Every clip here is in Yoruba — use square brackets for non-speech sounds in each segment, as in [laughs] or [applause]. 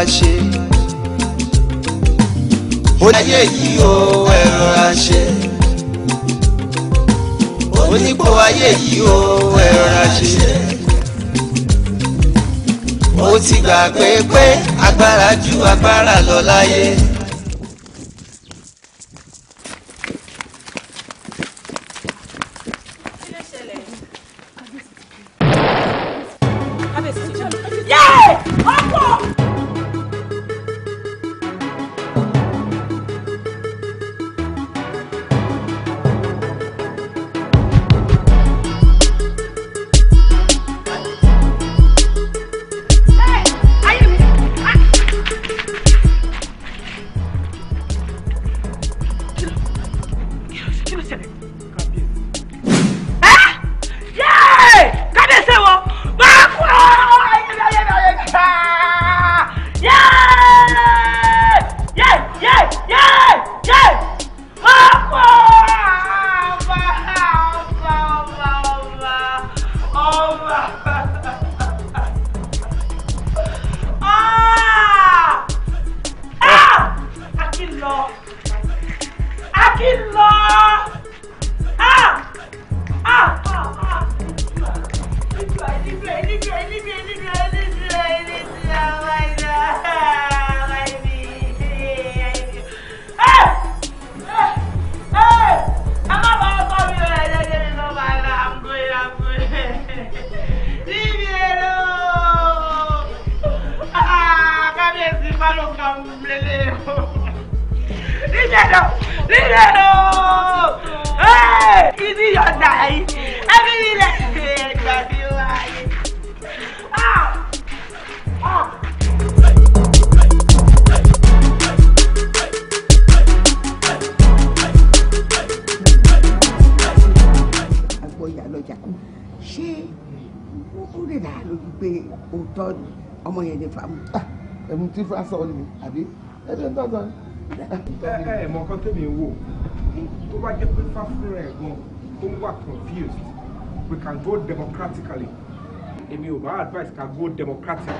rọra ṣe. ó láyé yìí o ẹ rọra ṣe. ó nípò ayé yìí o ẹ rọra ṣe. mo ti gbàgbé pé agbára ju agbára lọ láyé. òótọ́ ni ọmọ yẹn ní fámù. ẹ̀mú tí fa sọ ni àbí ẹ̀mí ń tọ́jọ́ ẹ ẹ mọ kan wò tó bá jẹ́ pé fáfúnra ẹ̀ gan tó ń wà confused we can go democratically èmi ò bá advice ká go democratic.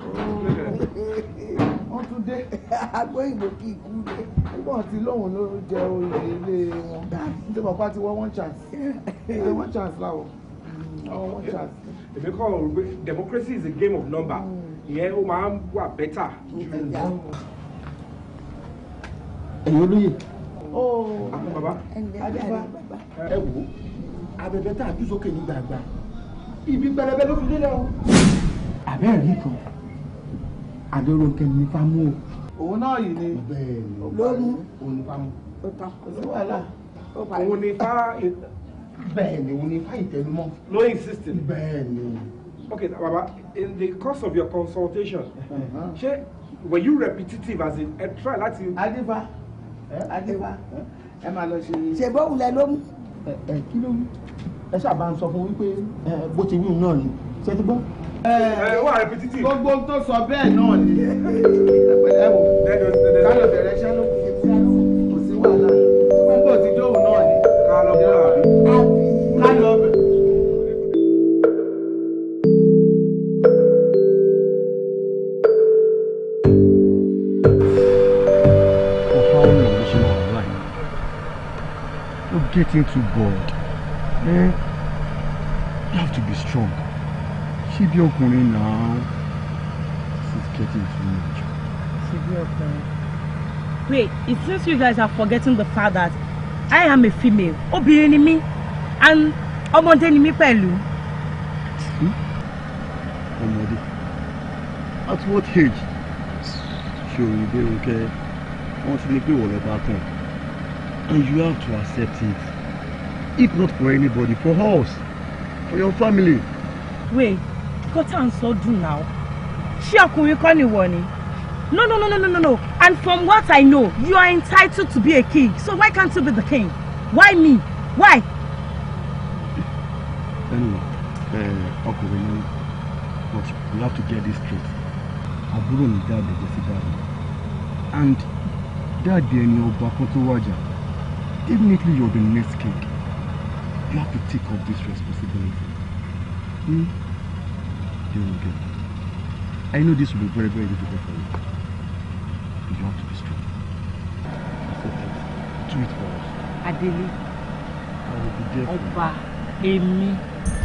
[laughs] wọ́n tún dé agbóyìnbó kì í kú dé. nígbà tí lóun ló jẹ oyè ilé wọn nítorí bàbá ti wọ́n one chance [laughs] one chance láwọ̀ one chance èmi kọ́ democracy is a game of number ìyẹn ó máa ń wà bẹ́tà ju. ẹ̀yin olóyè. Oh. àmọ́ bàbá ẹ wò abẹ́bẹ́ tá a jù sókè ní gbàgbà ibi pẹlẹbẹ ló fi lélẹ̀ o. àbẹ́rẹ́ kan àdúró kẹ́mi ní fámú o. òun náà yìí ni lórí òun ní fámú. òun ní fá bẹ́ẹ̀ ni o ní fáyì tẹnumọ́. no insisting. bẹ́ẹ̀ ni. okay baba in the course of your consultation ṣé were you repetitive as in ẹ try láti. adiba adiba ẹ máa lọ sí. ṣe bọ́ọ̀lù ẹ ló mú. ẹ ẹ kí ló mú ẹ ṣàbá ń sọ fún wípé bó ti wíwù náà ni ṣé ti gbọ́ wà repetitive. gbogbo tó sọ bẹ́ẹ̀ náà ni. ẹ wò kálọ̀ bẹ̀rẹ̀ ṣẹ́ ló kù sí wàhálà. getting too bored. Eh? You have to be strong. Keep your ọkùnrin now. This is getting too much. Ṣé Wait, it seems you guys are forgetting the fact that I am a female. Obi ni mí and ọmọdé ni pelu. pẹ̀lú. Ọmọdé. At what age? Ṣé òyìnbó ń kẹ́? Wọ́n ti ní pé wọ̀lẹ́ and you have to accept it if not for anybody for us for your family. wait kọ́tà ń sọ dùn náà ṣé ọkùnrin kọ́ ni wọ̀ ni no no no no no no and from what I know you are entitled to be a king so why can't you be the king why me why. anyway eh, ọkùnrin ni but you have to get this straight àbúrò mi dad jẹ sí dad, and dáàbò ẹni ọba kan tó wájà. Immediately you're the next king. You have to take up this responsibility. Hmm? You will get I know this will be very, very difficult for you. But you have to be strong. It's okay. Do it for us. Adele. I will be there. Ọba, Emi.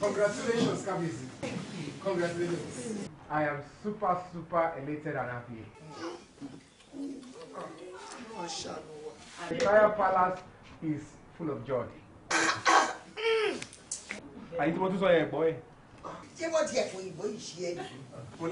Congratulations, Kabisi. Congratulations. I am super, super elated and happy. The entire palace is full of joy. Àyè tí mo tún sọ yẹn gbọ́ ẹ̀. Ṣé wọ́n ti ẹ̀fọ́ ìbò yìí ṣe é? Mo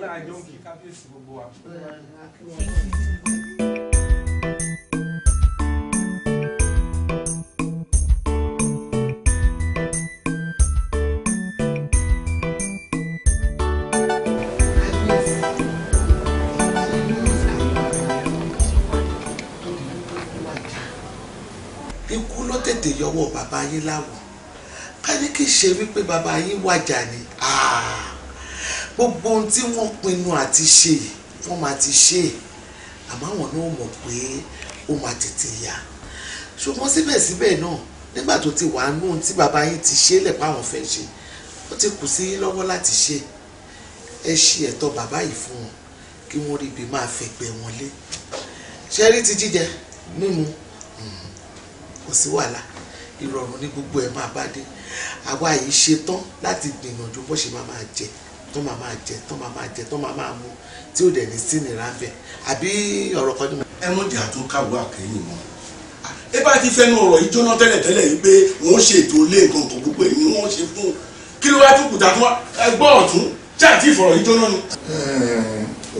bàbá yín láwọ̀ ká ní kí ṣe wípé bàbá yín wàjà ni gbogbo ohun tí wọ́n pinnu àti ṣe wọ́n máa ti ṣe àmọ́ àwọn náà mọ̀ pé ó máa tètè yá ṣùgbọ́n síbẹ̀síbẹ̀ náà nígbà tó ti wà nù tí bàbá yín ti ṣe lẹ̀pọ̀ àwọn fẹ́ ṣe ó ti kù sí lọ́wọ́ láti ṣe ẹ ṣe ẹ̀tọ́ bàbá yìí fún wọn kí wọ́n rí ibi máa fẹ̀gbẹ́ wọn lé ṣẹ́rí ti jíjẹ mímu hmm, kò sí wàhálà ìrọ̀rùn ní gbogbo ẹ̀ máa bá dé àwa yìí ṣetán láti gbìyànjú bó ṣe máa máa jẹ tó máa máa jẹ tó máa máa jẹ tó máa máa mu tí ò dẹ̀ ní sí nira ń bẹ̀ àbí ọ̀rọ̀ kan ní ẹ mú jà tó káwọ àkẹyìn mọ ẹ bá ti fẹnu ọ̀rọ̀ yìí jóná tẹ́lẹ̀tẹ́lẹ̀ yìí pé wọ́n ṣe ètò ilé nǹkan kan gbogbo èyí wọ́n ṣe fún un kí ló wá tún kùtà fún ẹgbọ́ ọ̀tún ṣáàtì ìfọ̀rọ̀ yìí jóná ni.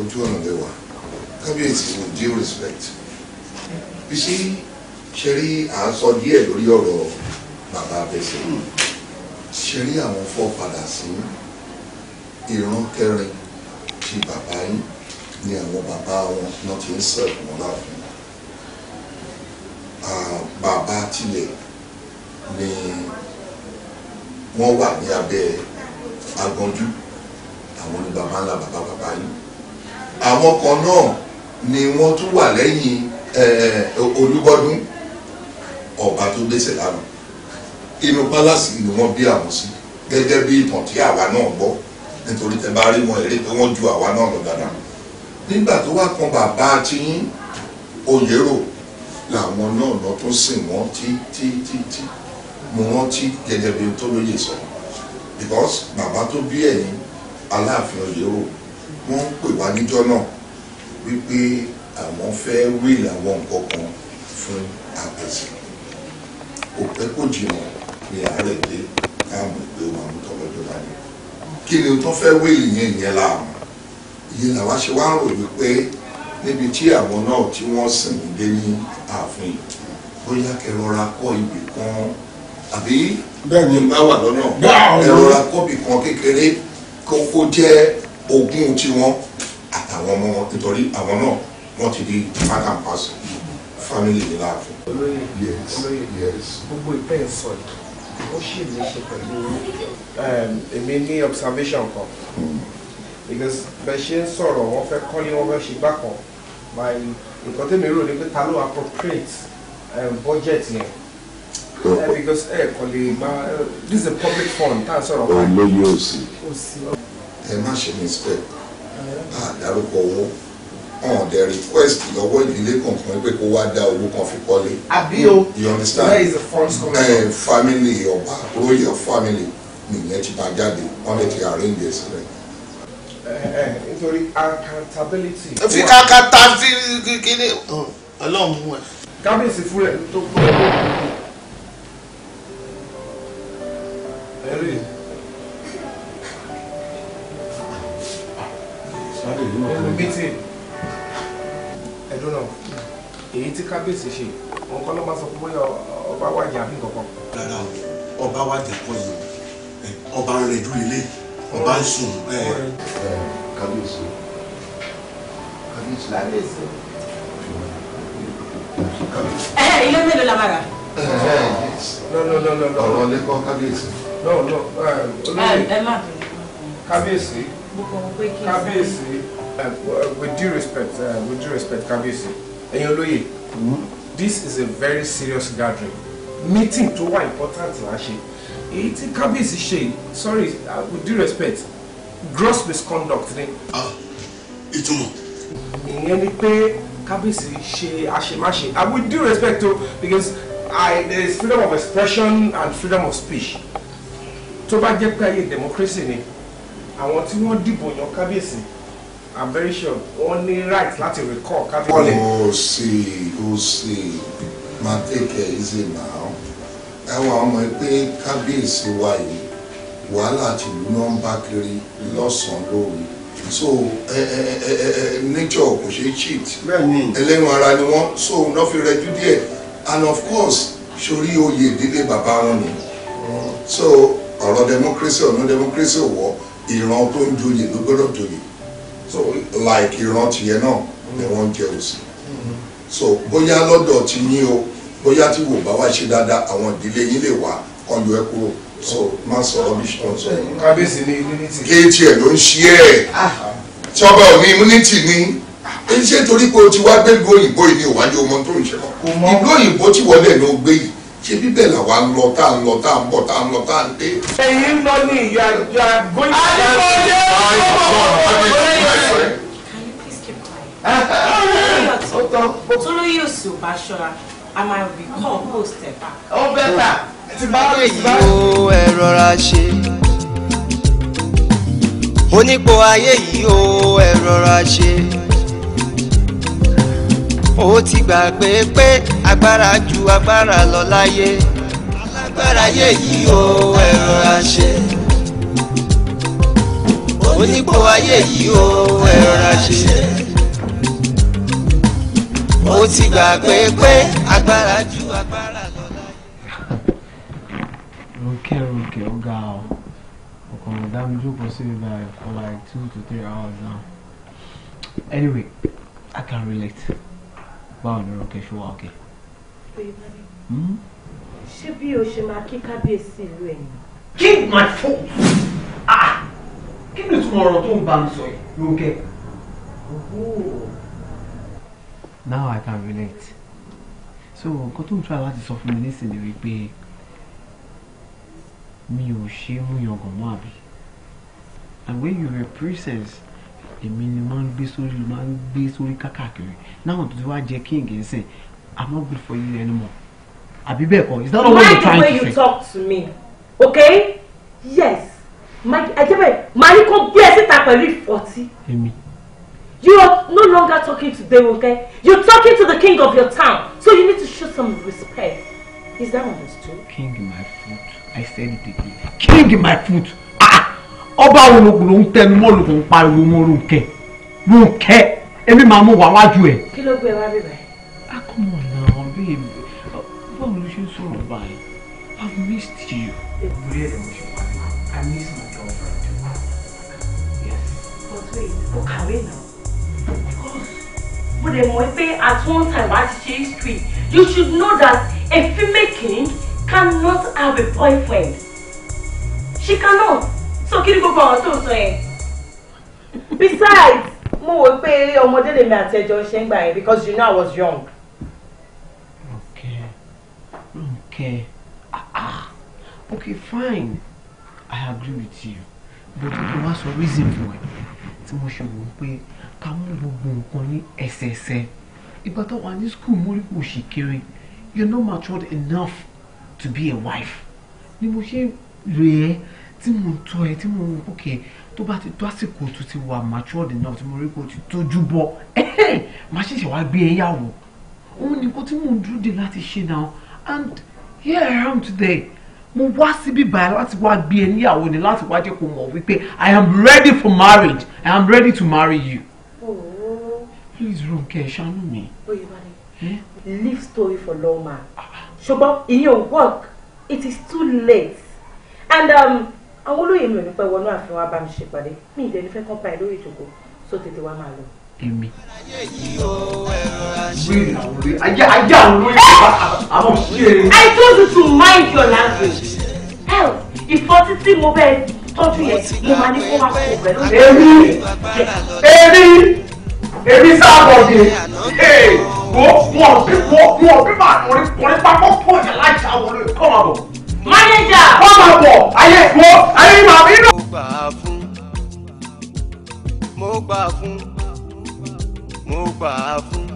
ojú ọ̀nà lẹ́wà kábíyèsí with due respect bí ṣe ṣe rí à ń sọ díẹ̀ lórí ọ̀rọ̀ bàbá abẹ́sẹ̀ hmm. ṣe rí àwọn fọ́ padà sí ìran kẹrin ti bàbá yín ni àwọn bàbá wọn náà ti ń sẹ̀kù wọn láàfin bàbá tilẹ̀ ni wọ́n wà ní abẹ́ agbọ́njú àwọn ni bàbá ńlá bàbá bàbá yín àwọn kan náà ni wọ́n tún wà lẹ́yìn olúbọ́dún ọba tó gbèsè lánà inú pálásì ni wọ́n bí àwọn sí gẹ́gẹ́ bí ìtàn tí àwa náà gbọ́ nítorí tẹ bá rí wọn èrè pé wọ́n ju àwa náà lọ dáadáa nígbà tó wá kan bàbá tiyín òyèrò làwọn náà lọ tún sìn wọ́n tí tí tí tí mo rántí gẹ́gẹ́ bí tó lóye sọ because bàbá tó bí ẹ̀yìn aláàfin òyèrò wọ́n pè wá níjọ́ náà wípé àwọn fẹ́ wíìlì àwọn nǹkan kan fún àpèsè òpẹ́ kò jìnnà ní àárẹ̀ dé káàmù pé wọn mú tọlọ́jọ́ dání kí ni tó fẹ́ wéèlì yẹn yẹn láàmú ìyẹn làwa ṣe wá ń rò wípé níbi tí àwọn náà tí wọ́n sìn dé ní ààfin bóyá kẹrọra kọ́ ibì kan àbí bẹ́ẹ̀ni bá wà lọ́nà kẹrọra kọ́ ibì kan kékeré kókó jẹ́ ogún tiwọn àtàwọn ọmọ nítorí àwọn náà wọ́n ti di pack and family mi láàfin. olóyè olóyè gbogbo ìtẹ́ ẹ̀ sọ yìí ó sì ní í ṣe pẹ̀lú um, èmi ní observation kan because bẹ́ẹ̀ ṣe ń sọ̀rọ̀ wọ́n fẹ́ kọ́lé wọ́n fẹ́ ṣe bákan my nǹkan tẹ́mi rò ni pé ta ló appropriate um, budget yẹn. Yeah, because ẹ eh, kò lè máa eh, this is a public forum tá a sọ̀rọ̀ báyìí. olóyè òsì ẹ má ṣe ní spec àdárúkọ owó hàn the request lọ́wọ́ ìdílé kankan pé kó wá dá owó kan fi kọ́lé. àbí o you understand where is the funds coming from. family ọba royal family nìyẹn ti bá jáde wọ́n lè ti arrange ẹ̀sìn rẹ̀ nítorí accountability. fi akata fi kíni ọlọ́run mú ẹ. kábíyèsí fúnlẹ̀ tó kọ́ ọ́. ẹ̀rí ẹ̀rí bíi tí ọdún náà èyí tí kábíyèsí ṣe òun kọ́ ló máa sọ pé bóyá ọba wájà àbí nǹkan kan. rárá ọba wájà kọ́ yìí ọba ń rẹjú ilé ọba ń sùn. kábíyèsí kábíyèsí kábíyèsí. ẹ ẹ ilé mélòó la máa rà. ọ̀rọ̀ lẹ́kọ̀ọ́ kábíyèsí. ẹ má bẹ̀rẹ̀. kábíyèsí kábíyèsí. Uh, with due respect uh, with due respect kábíyèsí ẹ̀yin olóyè hmm? this is a very serious gathering meeting tó wà important là á ṣe èyí tí sorry uh, with due respect gross misconduct ni. Ah, ìtumọ̀. ìyẹn ni pé kábíyèsí ṣe àṣemáṣe I uh, with due respect to because I there is freedom of expression and freedom of speech tó bá jẹ́ pé ayé democracy ni àwọn tí wọ́n dìbò yan kábíyèsí i'm very sure wọ́n ní right láti recall category. o sì o sì máa tẹ̀kẹ̀ easy now ẹwà ọmọ pé kábíyèsí wa yìí wàhálà ti lù náà ń bá kiri lọ́sàn-án so nature kò ṣe cheat ẹlẹ́nu ara ni wọ́n so náà fi rẹjú díẹ̀ and of course sórí oyè ìdílé bàbá wọn ni so ọ̀rọ̀ democracy ọ̀nà democracy wọ̀ ìran tó ń joyè ló gbọ́dọ̀ joyè so like ìrántí yẹn náà ni wọ́n ń jẹ òsì so bóyá lọ́dọ̀ ti yín o bóyá tí wò bá wá ṣe dáadáa àwọn ìdílé yín lè wá kọ́ yọ ẹ́ kúrò so má sọ rubbish tó ń sọ yìí. kábíyèsí ní unity. kéétì ẹ̀ ló ń ṣí ẹ̀ tí ọba ò ní unity ni ṣé torí pé o ti wá gbẹ́gbẹ́ òyìnbó yìí ni òwájú ọmọ tó ń ṣe mọ́ ìlú òyìnbó ti wọlé ló gbé yìí ṣe bíbẹ̀ là wà ń lọ tá ń lọ tá ń bọ̀ tá ń lọ tá ń dé. èyí ń lọ ní ìyá ìyá gbóyè. àdìmọ̀dé ọmọ tolóyè òsì ò bá ṣọra a máa rí kọ́ post ẹ̀ bá. ó bẹ́tà ti bá rè yí. o ẹ rọra ṣe onípò ayé yìí o ẹ rọra ṣe ó ti gbàgbé pé agbára ju agbára lọ láyé alágbára yé yìí o ẹ̀rọ àṣẹ onípò ayé yìí o ẹ̀rọ àṣẹ ó ti gbàgbé pé agbára ju agbára lọ láyé. rókè rókè ó ga ọ ọkàn ọ̀dá mi sí ibà for like two to three hours now anyway I can relate báwo ni Rónkẹ́ ṣe wà òkè. Hmm? ṣé bí o ṣe máa kí kábíyèsí ìlú ẹ̀yìn. keep my phone ah kí ni ìtumọ̀ ọ̀rọ̀ tó ń bá mi sọ yìí Rónkẹ́. now i can relate so nǹkan tó ń tura láti sọ fún mi nísìnyí wípé mi ò ṣe é mú yangàn mọ́ àbí and when you were princess èmi ni wọ́n gbé sórí máa ń gbé sórí kákàkiri náà tó ti wá jẹ́ king ń sìn i'm not good for you anymore àbí bẹ́ẹ̀ kọ́ is that all you're trying to say. mind the way you talk to me okay yes ajẹ́bẹ̀ màá ní kó gbé ẹ síta pẹ̀lú ìfọ̀tí. You are no longer talking to them. Dewoke. You're talking to the king of your town. So you need to show some respect. Is that understood? King in my foot. I said it again. King in my foot ọba wo ló ń tẹnu mọ́ ló ń pariwo mọ́ Rónkẹ́ Rónkẹ́ èmi máa mú wá wájú ẹ̀. kí ló gbé wá bíbẹ̀. a kò mọ̀ náà bí èmi báwo ló ṣe ń sọ̀rọ̀ báyìí I've missed you. ìgbéyàwó mo ṣe wá I miss my girlfriend. yes. but wait o kàwé náà because bó de mọ̀ pé at one time a ti ṣe history you should know that a female king cannot have a boyfriend she cannot so kí gbogbo ọ̀rọ̀ tó ń sọ yẹn. besides mo wò pé eré ọmọdé lèmi àti ẹjọ ṣe ń gbà yẹn because you know I was young. Ronke Ronke ah ah okay fine I agree with you but o wá sọ reason for it. tí mo ṣe wò pé ká mú gbogbo nǹkan ní ẹsẹẹsẹ ìgbà tó wà ní school mo rí kò ṣì kéré you are not matured enough to be a wife ni mo ṣe rè é tí mo tọ́ ẹ tí mo ok tó bá ti tó àsìkò tó ti wà matured enough tí mo rí kó ti tójú bọ́ máa ṣẹ̀ṣẹ̀ wá gbé ẹ e yàwó òun ni kó tí mo dúró de láti ṣe náà and here I am today mo wá síbí báyìí láti wá gbé ẹ e níyàwó ni láti wá jẹ́ kó mọ̀ wípé I am ready for marriage I am ready to marry you. Oh. please Ronke ṣàánú mi. oye bá ní eh? leave story for lawma ṣùgbọ́n ìyẹn ò work it is too late and um, àwọn olóyè mi ò ní pẹ́ wọnú ààfin wa bá mi ṣèpàdé mi ìdẹ́ni fẹ́ kọ́ pa ẹ̀ lórí ìjókòó só tètè wá máa lọ. èmi. wíìrì àwọn olóyè ajá ajá àwọn olóyè àwọn ṣíṣe. I told you to mind your language. hell ìfọtí tí mo bẹ́ẹ̀ tọ́jú yẹn mo máa ní kó wá kó pẹ̀lú. èmi èmi èmi sáàbọ̀ mi wo wọn ò bí wọn ò bí màá kọrin papọ̀ pọ̀ yẹn láì ṣàwọn olóyè kọ́ máa bọ̀ mánéjà. wọ́n máa bọ̀ ayé ìwọ ayé ìwà mi lọ. mo gbà fún mo gbà fún mo gbà fún.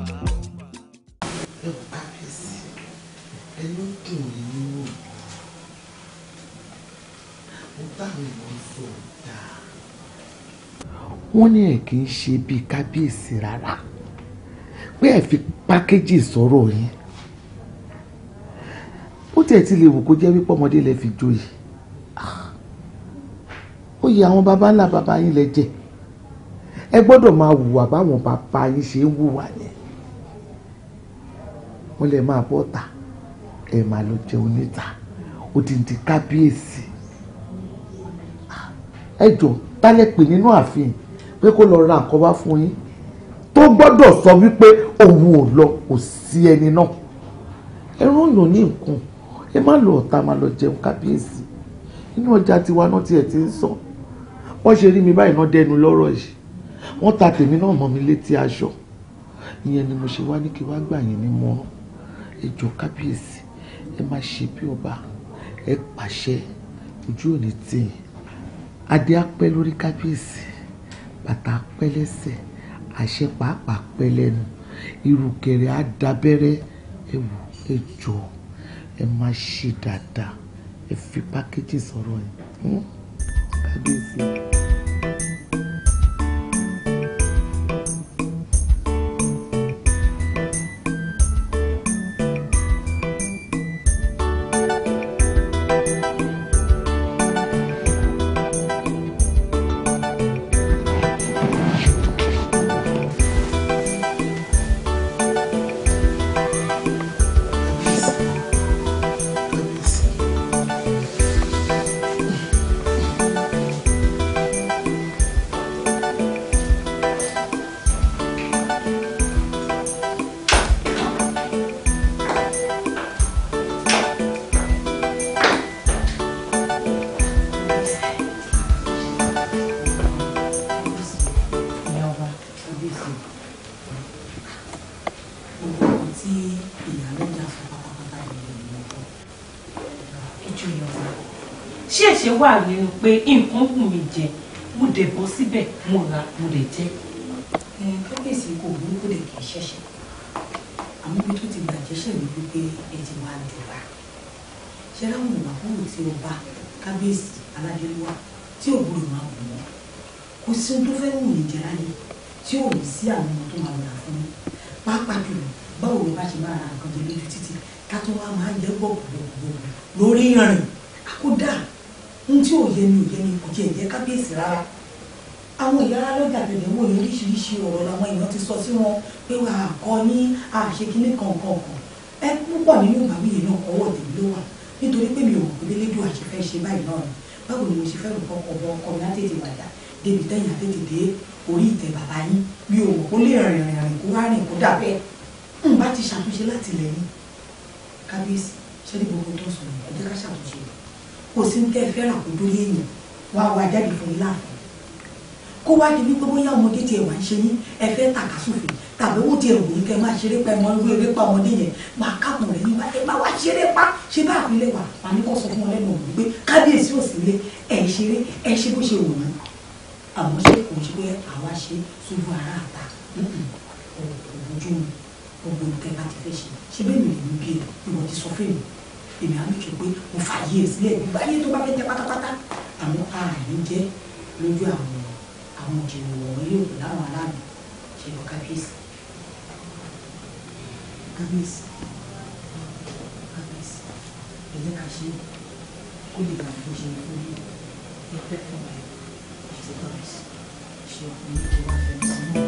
wọ́n ní ẹ̀ kì í ṣe bíi kábíyèsí rárá pé ẹ fi pákéjì sọ̀rọ̀ yín ó tiẹ̀ ti lè wù kó jẹ́ wípé ọmọdé lè fi joyè ah, ó yẹ àwọn baba ńlá baba yín lẹ jẹ ẹ gbọ́dọ̀ máa hùwà báwọn baba yín ṣe ń hùwà yẹn wọ́n lè máa bọ́ ta ẹ máa lọ jẹ oníta odindi kábíyèsí ah, ẹ jọ tálẹ̀ pè nínú ààfin pé kó lọ ra nǹkan wá fún yín tó gbọ́dọ̀ sọ wípé òun ò lọ kò sí ẹni náà ẹrú ń lò ní nǹkan ẹ má lọ ọ̀tá má lọ jẹun kábíyèsí inú ọjà tiwa náà tiẹ̀ ti ń sọ wọ́n ṣe rí mi báyìí náà dẹnu lọ́rọ̀ yìí wọ́n ta tèmi náà mọ́ mi létí aṣọ ìyẹn ni mo ṣe wá ní kí wá gbà yín ní mọ́ ẹ kábíyèsí ẹ má ṣe bí ọba ẹ pàṣẹ ojú òní tì í adé apẹ́ lórí kábíyèsí bàtà apẹ́ lẹ́sẹ̀ àṣẹ pàápàá pẹ́ lẹ́nu ìrùkẹ̀rẹ̀ á dábẹ́rẹ́ ẹ wò ẹ jọ̀ọ́ ẹ máa ṣe dáadáa ẹ fi pákéjì sọ̀rọ̀ ẹ̀ hmm? kábíyèsí. ṣe wà nínú pé nǹkan wù mí jẹ mo dẹ̀ bọ́ síbẹ̀ mo ra mo dẹ̀ jẹ́. kábíyèsí kò burúkú dẹ̀ kì í ṣẹ̀ṣẹ̀ àmọ́ ibi tó ti bàjẹ́ ṣẹ̀ ní wípé ẹ ti wá dùrà ṣe láwọn ìwàkúrò tí o bá kábíyèsí aládéwà tí ò gbúdọ̀ máa wù wọ́n kò sí ohun tó fẹ́ wù mí jẹ láyé tí ò ní sí àwọn ọmọ tó máa wùdà fún mi pàápàá jùlọ báwo ló bá ṣe máa ra nǹkan tó lójú títì ká tó wá máa jẹ́ gbọ̀gbọ̀gbọ̀ lórí ìrìn àkódà ohun tí ò mi ò mi kò tiẹ̀ jẹ́ kábíyèsí rárá àwọn ìyára lọ́jà bẹ̀rẹ̀ wò oríṣiríṣi ọ̀rọ̀ làwọn èèyàn ti sọ sí wọn pé wà á kọ́ ní àṣekínní kankan ẹ púpọ̀ nínú ìgbàgbé náà ọwọ́ tèmi ló wà nítorí pé mi ò mọ̀ pé lédò àṣefẹ́ ṣe báyìí náà báwo ni mo ṣe fẹ́ rò kọ́kọ́ bọ ọkọ mi láti wàjà débi tẹ́yìn àti tètè orí ìtẹ̀ bàbá yín mi ò kó lè rìn rìn rìn kó wá kó dà bẹ́ẹ̀ bá ti ṣàtúnṣe láti kábíyèsí ṣẹ́ni kò sí ní tẹ́ fẹ́ràn kó dúró èèyàn wá wá jáde fún yín láàfin kó wá di wípé bóyá ọmọdé tiẹ̀ wá ń ṣe yín ẹ fẹ́ tàkà sófin tàbí owó tiẹ̀ wò ní kẹ́ máa ṣeré pa ẹmọ ìwé eré pa ọmọdé yẹn máa kápọ̀ rẹ̀ nígbà ẹ máa wá ṣeré pa ṣe bá àpilẹ̀ wà wà ní kó sọ fún wọn lẹ́nu ọ̀gbìn pé kábíyèsí ò sí lé ẹ̀ ṣeré ẹ ṣe bó ṣe wù wọ́n àmọ́ ṣe kò ṣe pé àwa ṣe sójú ara àta ọ̀gbọ̀n ojú mi ọ̀gbọ̀n tẹ́ ti fẹ́ ṣe ṣe bẹ́ẹ̀ mi ò ní bí ìwọ̀n ti sọ fún mi èmi àmì kì í pé mo fààyè sílẹ̀ gbogbo ayé tó bá fẹ́ jẹ pátápátá àmọ́ ààyè jẹ́ lójú àwọn àwọn òjèlè wọ̀nyí yòókù láwọn aláàbò ṣe lọ kábíyèsí. kábíyèsí kábíyèsí ẹ̀jẹ̀ ká ṣe kó lè bàa bó ṣe fún mi ẹgbẹ́ fún mi ṣe kábíyèsí ṣe ọkùnrin kí wọ́n fẹ́ mi sí náà.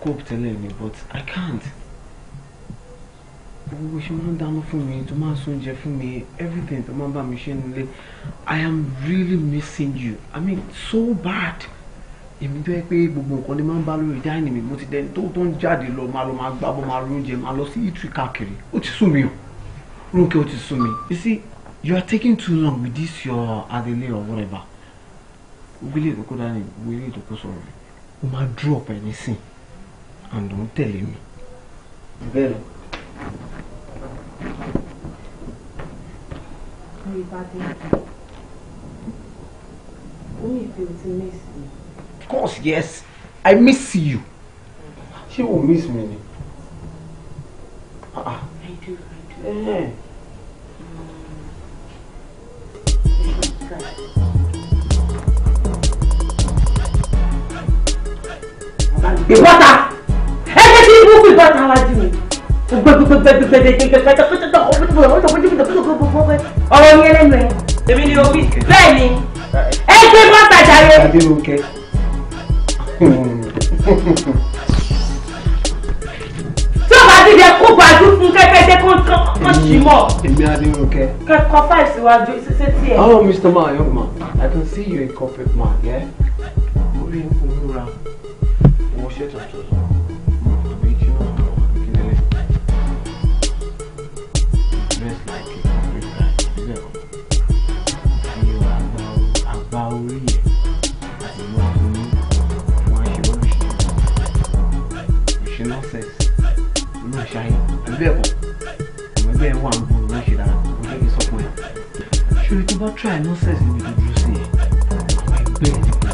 cope telling me, but I can't We should not ń dáná fún mi tó máa ń sóúnjẹ fún everything to máa ń bá I am really missing you I mean so bad If you yẹ pé gbogbo nǹkan ni máa ń bá lórí dáìní mi don't judge dẹni tó tó ń jáde lọ máa lọ máa gbábọ́ máa lóúnjẹ máa lọ sí sumi káàkiri ó ti sún ti sún you see you are taking too long with this your adele or whatever We gbogbo ilé ìkókó dání gbogbo ilé to go o We dúró drop anything and òun tẹ̀lé mi. bẹ́ẹ̀ lọ. mi bá dé omi ìpè miss me. of course yes i miss you. She will miss me ni. Ah, ah. I do, I do. Yeah. Ìwọ́ta burúkú ìbá ta ara jù mí. ọ̀rọ̀ yẹn lẹ́nu ẹ̀. èmi ni omi. bẹ́ẹ̀ ni ẹ gbé bàtà jàre. Adérónkẹ́ tí o bá ti jẹ kó gbajú fún kẹ́kẹ́ jẹ́ kó kọ́ sí mọ́. èmi Adérónkẹ́. kẹ́kọ̀ọ́ five síwájú Mr. man young man I can see you're a corporate man. Yeah? orí ìmúra ìmúṣẹ́ tuntun. gba orí ẹ̀ àìmọ́ ọ̀gbìn àwọn aṣèwọ́ṣe ìṣúná sex inú ṣáyé ẹgbẹ́ ẹ̀kọ́ àwọn ẹgbẹ́ ẹ̀ wà ń bọ̀ láṣẹ dára wọ́n jẹ́ kí sọ́kùn ẹ̀. ṣòro tó bá try no sex níbi dúdú sí ẹ̀ àwọn ẹgbẹ́ ẹ̀ nípa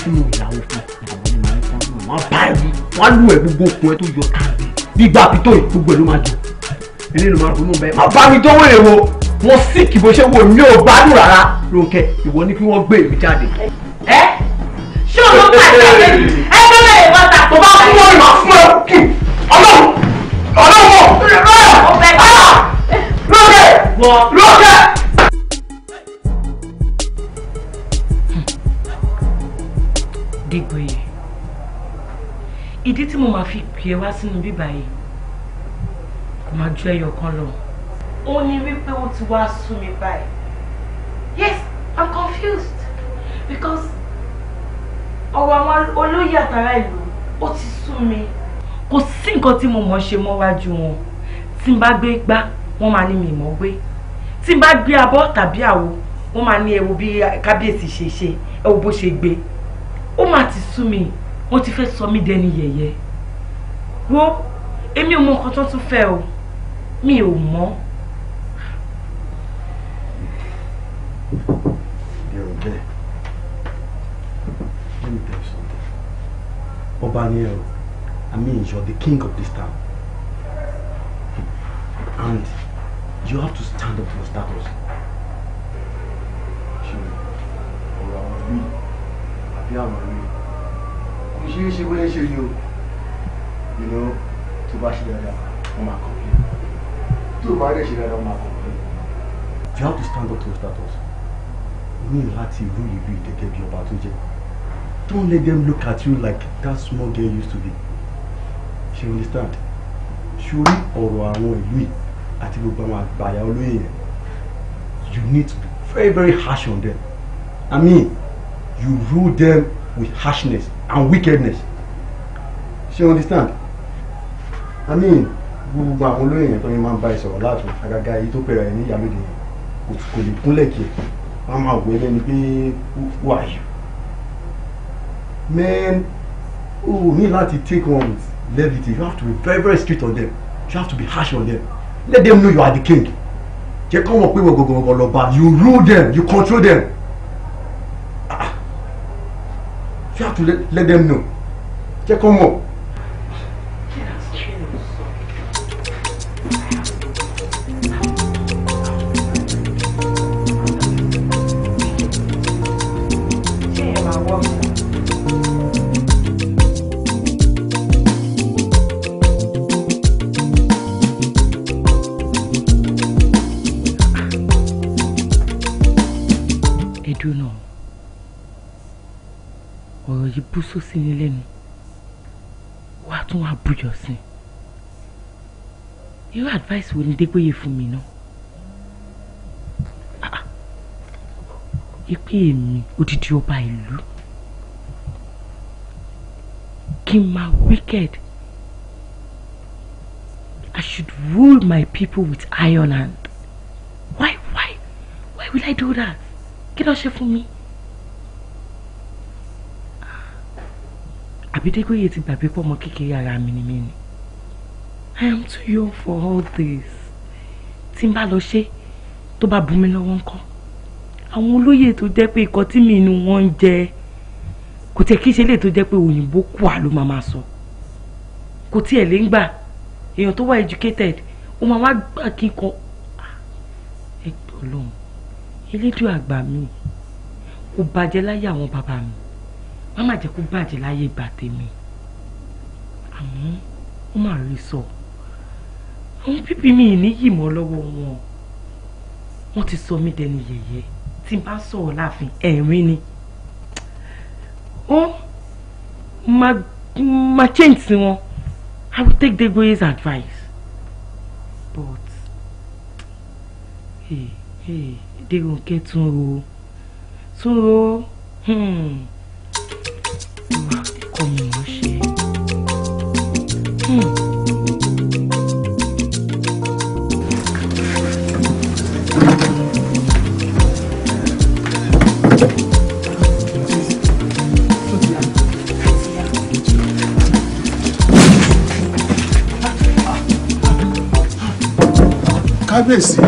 tí mo yàwó fún àwọn ẹni máa ń fọ́n mi wọ́n lù ẹ̀ gbogbo okun ẹ̀ tó yọ káàdì bí pító ì gbogbo ẹ̀ ló máa dùn ilé ìlú máa ronú bẹ́ẹ̀ má bá mi dánwó èrò wọ́n sì kí bó ṣe wò mí ò gbádùn rárá Rónkẹ́ ìwọ ni kí wọ́n gbé mi jáde. ẹ ṣé o ló ń pàṣẹ ẹ ẹ bẹ́ẹ̀ ìwọ ta tó bá kú wọn lọ fún ẹ kí ọlọ́run ọlọ́run Rónkẹ́ Rónkẹ́. Dìgbòye ìdí tí mo máa fi pè é wá sínú bíbá yìí kò máa ju ẹyọ kan lọ ó ní wípé ó ti wá sú mi báyìí yes i'm confused because ọ̀rọ̀ àwọn olóyè àtàrà ìlú ó ti sú mi kò sí nǹkan tí mo mọ̀ ṣe mọ́wájú wọn tí n bá gbé gbá wọ́n máa ní mi mọ̀ gbé tí n bá gbé abọ́ tàbí àwo wọ́n máa ní ẹ wo bí kábíyèsí ṣe ṣe ẹ wo bó ṣe gbé ó máa ti sú mi wọ́n ti fẹ́ sọ mí dẹni yẹ̀yẹ́ wo èmi ò mọ nǹkan tó tún fẹ́ o mi ò mọ̀ there. Let me tell you something. Obaniel, I mean, you're the king of this town. And you have to stand up to your status. You know, to àbí àwọn rí you have to stand up to your status ní láti rú ìlú gẹ́gẹ́ bí ọba tó jẹ́ don't let them look at you like that small girl used to be she understand sórí ọ̀rọ̀ àwọn ìlú yìí àti gbogbo àwọn àgbàyà olóyè yẹn you need to be very very harsh on them i mean you rule them with harshness and wickedness she understand i mean gbogbo àwọn olóyè yẹn tó yẹn máa ń bá ẹ sọ̀rọ̀ láàtún àgàgà èyí tó pẹ̀rẹ̀ ní ìyá kò lè kúnlẹ̀ kí ẹ wọ́n máa wọ ẹlẹ́ni pé who are you man o ní láti take one levity you have to be very very strict on them you have to be harsh on them let them know you are the king jẹ́ kọ́ wọn pé wọ́n gọ̀gọ̀gọ̀ lọ́ba you rule them you control them ah, ah. you have to let, let them know jẹ́ kọ́ wọn. bú sósì nílé ni wàá tún wàá bújọ sí i irú advice wo ni dégbéyè fún mi náà ipe ah, èmi odidi ọba ìlú kí n máa wicked I should rule my people with iron hand why why why will I do that kí ló ṣe fún mi. àbídégbòye ti gbàgbé pọ̀ ọmọ kékeré ara mi ni mí ni I am too young for all this tí n bá lọ ṣe tó bá bu mi lọ́wọ́ ńkọ́ àwọn olóyè tó jẹ́ pé ikọ̀ tí mi inú wọn ń jẹ kò tiẹ̀ kí ṣe lè tó jẹ́ pé òyìnbó kù à ló máa máa sọ kò tiẹ̀ lè ń gbà èèyàn tó wà educated ó máa wá gbà kí n kọ ah, ẹ gbọ́ elédùn àgbà mi kò bàjẹ́ láyé àwọn bàbá mi má má jẹ́ kó bàjẹ́ láyé ìgbà tèmi àmọ́ ó mà rí sọ àwọn pípì mi ní yìí mọ́ lọ́wọ́ wọn wọ́n ti sọ mí dẹni yẹ̀yẹ́ tí n bá sọ̀rọ̀ láàfin ẹ̀rín ni ó má má change sí wọn I will take Degboye's advice but Dèrónkẹ́ tún ro tún ro. Hmm kábíyèsí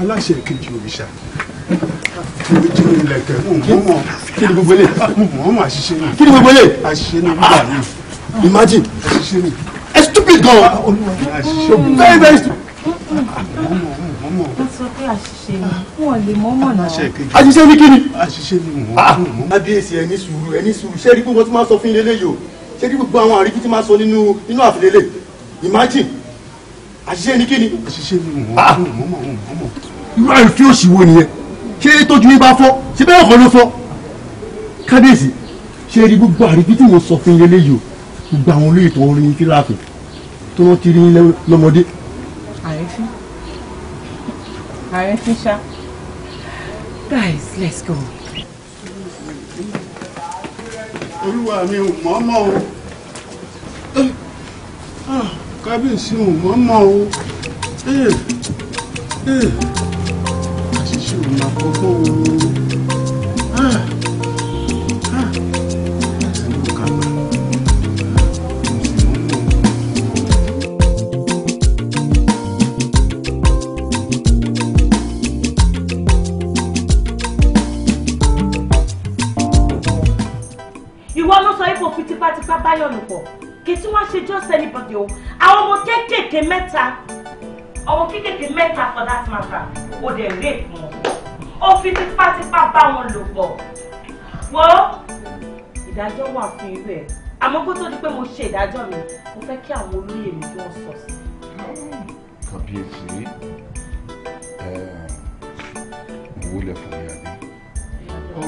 aláṣẹ kejì òrìṣà kí gbogbo ilé imagine a stupid gan very very stupid. àṣìṣe ni kí ni. àṣìṣe ni mọ̀ mọ̀. kábíyèsí ẹ ní sùúrù ẹ ní sùúrù ṣé rí gbogbo tí máa sọ fún ilé lẹ́yìn o ṣé gbogbo àwọn àríkí tí máa sọ nínú nínú àfilélẹ̀ imagine àṣìṣe ni kí àṣìṣe ni mọ̀ irú àìsí òṣìwò nìyẹn ṣé tójú yín bá fọ́ ṣé bẹ́ẹ̀ kọ́ ló fọ́ kábíyèsí ṣé rí gbogbo àríbí tí sọ fún yín lélẹ́yìí o gbogbo àwọn olóyè tó ń rí yín fíláàfin tó wọ́n ti rí yín lọ́mọdé. àrífín àrífín ṣá guys let's go. olúwa mi ò mọ̀ mọ́ o ah, kábíyèsí ò mọ̀ mọ́ o. Eh, eh ṣòro máa kọ́ fún òun. tipátipá báyọ̀ nù pọ̀ kì í tún wá ṣe just anybody o àwọn ọmọ kéékèèké mẹ́ta ọmọ kéékèèké mẹ́ta for that matter ó dẹ̀ rape ó fi tipátipá bá wọn lò pọ̀ wo? ìdájọ́ wà fún irú ẹ̀ àmọ́ kó tó di pé mo ṣe ìdájọ́ mi mo fẹ́ kí àwọn olóyè mi tó ń sọ sí. kàbíyèsí mo wúlẹ̀ fún mi àbí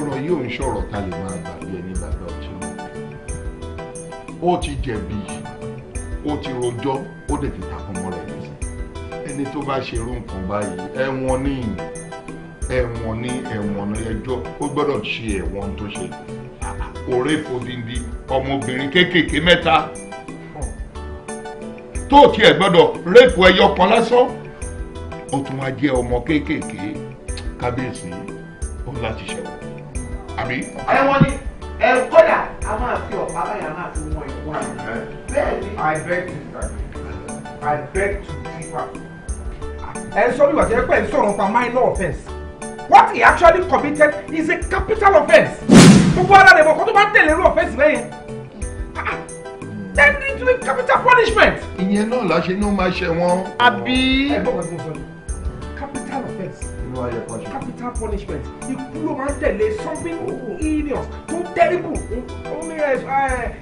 ọ̀rọ̀ yìí ò ń ṣọ̀rọ̀ ta lè máa gbàgbé ẹni gbàgbé ọtí mi ó ti jẹ̀bi ó ti rojọ́ ó dẹ̀ ti takùn mọ́ rẹ̀ lẹ́sìn ẹni tó bá ṣerú nǹkan báyìí ẹ̀wọ̀n níyìn ẹ̀wọ̀n ní ẹ̀wọ̀n ẹjọ́ ó gbọ́dọ̀ ṣe ẹ̀wọ̀n tó ṣe òré fòdìndì ọmọbìnrin kéékèèké mẹ́ta tó tiẹ̀ gbọ́dọ̀ rẹ́pù ẹyọ kan lásán ó tún wá jẹ́ ọmọ kéékèèké kábíyèsí ó láti ṣẹ̀wọ̀n àbí. ẹ̀wọ̀n ni ẹ kódà a máa fi ọ̀pá báyà máa fi wọn ìwọ̀n yìí bẹ́ẹ̀ ni. I beg to differ I beg to differ. ẹ sọ bí wàá jẹ́ pẹ́ sọ̀rọ̀ pa minor offence what he actually committed is a capital offense. gbogbo ara rẹ̀ mọ̀ kó tó bá tẹ̀lé irú offence bẹ́ẹ̀ yẹn ah, ah. then it will be capital punishment. ìyẹn náà la ṣe ní ó máa ṣe wọn. àbí. capital offense. capital punishment ikú ló máa ń tẹ̀lé something heinous tó terrible ó ní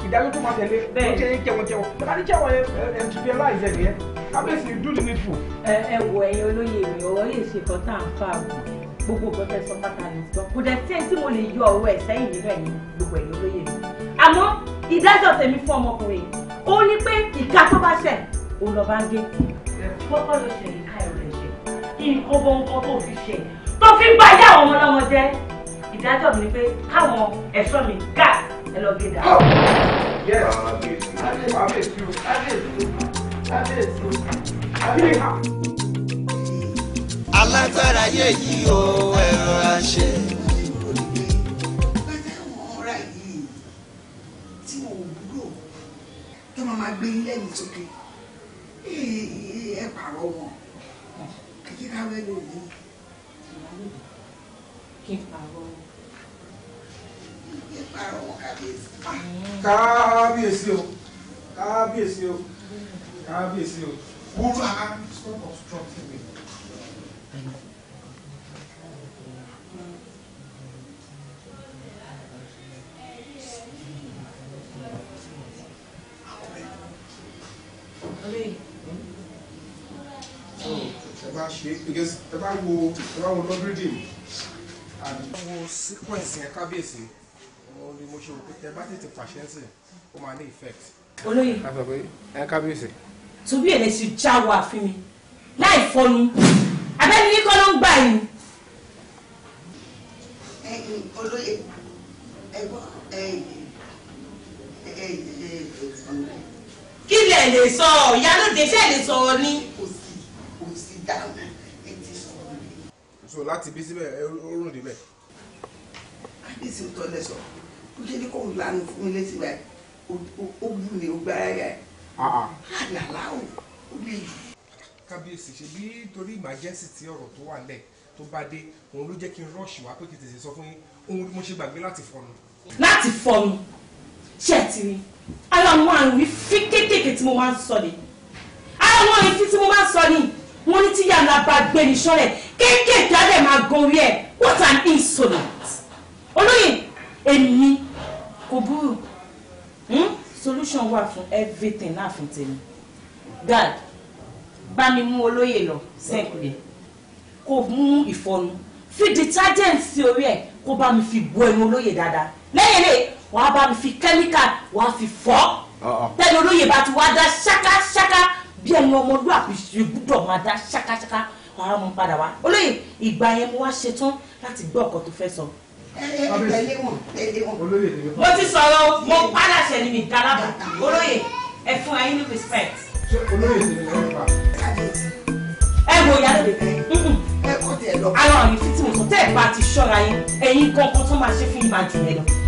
ìdájọ́ tó máa tẹ̀lé ó jẹ́ jẹ́wọ́jẹ́wọ́ bàbá ní jẹ́wọ́ ẹ̀ẹ́dẹ̀ẹ́dẹ́gbẹ̀láìsẹ̀ nìyẹn kábíyèsí do the needful. ẹ ẹ wo ẹ̀yin olóyè mi ọ̀rọ̀ yìí ṣe kọta àǹfààní gbogbo nǹkan tẹ sọ pátá mi sọ kò dẹ̀ sí tí mo lè yọ ọwọ́ ẹ̀ sẹ́yìn nínú ẹ̀yìn gbogbo ẹ̀yìn olóyè mi àmọ́ ìdájọ́ tèmi fún ọmọkùnrin ó ní pé ìka tó bá ṣẹ̀ òun lọ́ọ́ bá ń gé kọ́kọ́ ló ṣe ìka ẹ̀rọ ẹ̀ṣẹ̀ nǹkan bọ́ nǹkan tó fi ṣe tó fi gba ilé àwọn ọmọlọ́mọ jẹ́ ìdájọ́ mi ni pé káwọn ẹ̀ṣọ́ mi gà ẹ lọ gé dà. Yes, I did, I did, I did, I did, I did alágbára yé yìí o ẹ rọra ṣe. kábíyèsí o kábíyèsí o kábíyèsí o wúrà stop obstructing. so ẹ bá ṣe because ẹ bá wo ẹ bá wo lọ́dún dì mí àbí wo sequence yẹn kábíyèsí òun ni mo ṣe rò pé ẹ bá tètè pàṣẹ sí ó máa ní effect. olóyè a sọ ẹ kábíyèsí. tùbí ẹ̀ lè ṣe jáwọ́ àfin mi láì fọnu abẹ́ni ní kọ́ ló ń gbà yìí. ẹ̀yin olóyè ẹ̀gbọ́n ẹ̀yin ẹ̀yin ẹ̀yin ọ̀nà kí lẹ lè sọ ìyálóde ṣe lè sọ ọ ní. kò sí kò sí dáhùn ẹ ti sọ ọ ní. so láti bí síbẹ̀ ẹ rùn débẹ̀. àdìsí ò tọ́lẹ̀ sọ kó ṣe ní kó ń lanu fún mi létí báyìí ó bú mi ó gbára yà ẹ̀. Ah, ah. àlàlá ò ó bí. kábíyèsí ṣe bí torí ìmájẹ́sì tí ọ̀rọ̀ tó wà lẹ̀ tó bá dé òun ló jẹ́ kí n rọ́ọ̀ṣì wá pé kí n tètè sọ fún yín ohun mo ṣe gbàgbé láti fọnu. láti fọnu ṣẹ́ẹ̀tìrì ara àwọn àrùn ìfín kéékèèké tí mo máa ń sọ ni ara àwọn àrùn ìfín tí mo máa ń sọ ni wọ́n ní tí yàrá bá gbé ní sọ́lẹ̀ kéékèèké á máa gan orí what an insolent olóyè èmi kò burú hmm? solution wà fún everything náà fún tèmi guard bá mi mú olóyè lọ sẹ́ǹkulẹ̀ kó mú ìfọnu fi detergent sí orí ẹ̀ kó bá mi fi bo ẹnu olóyè dáadáa lẹ́yìn lẹ́yìn wàá bá mi fi kẹ́míkà wàá fi fọ́ tẹ́lẹ̀ uh-uh. olóyè bá ti wá dá ṣákáṣáká bí ẹni ọmọlúwàbí ṣe gbúdọ̀ máa dá ṣákáṣáká wàá mú padà wá olóyè ìgbà yẹn mo wá ṣetán láti gbọ́ ọ̀kan tó fẹ́ sọ. mo ti sọ̀rọ̀ mo padà ṣẹ̀ ni mi dálábà olóyè ẹ fún ayé ní respect. ẹ wo ìyá lóde àwọn àmì títí mo sọ tẹ́ ẹ̀ bá ti ṣọ́ra yín ẹ̀yin kankan tó máa ṣe fún ìbàdàn yẹn lọ.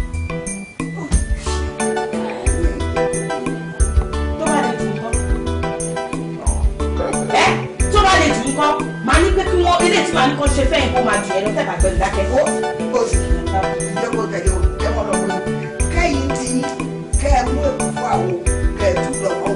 nǹkan máa ní pé kí wọ́n ilé ìtura ní kan ṣe fẹ́ nǹkan máa jù ẹ lọ tẹ̀gbà gbẹ̀rù dákẹ́. ó ó sì jẹ́wọ́ kẹjọ jẹ́wọ́ lọ́wọ́ kẹ́yìn tí kẹ́ mú èkó fún àwọn kẹ́ẹ̀tù lọ́wọ́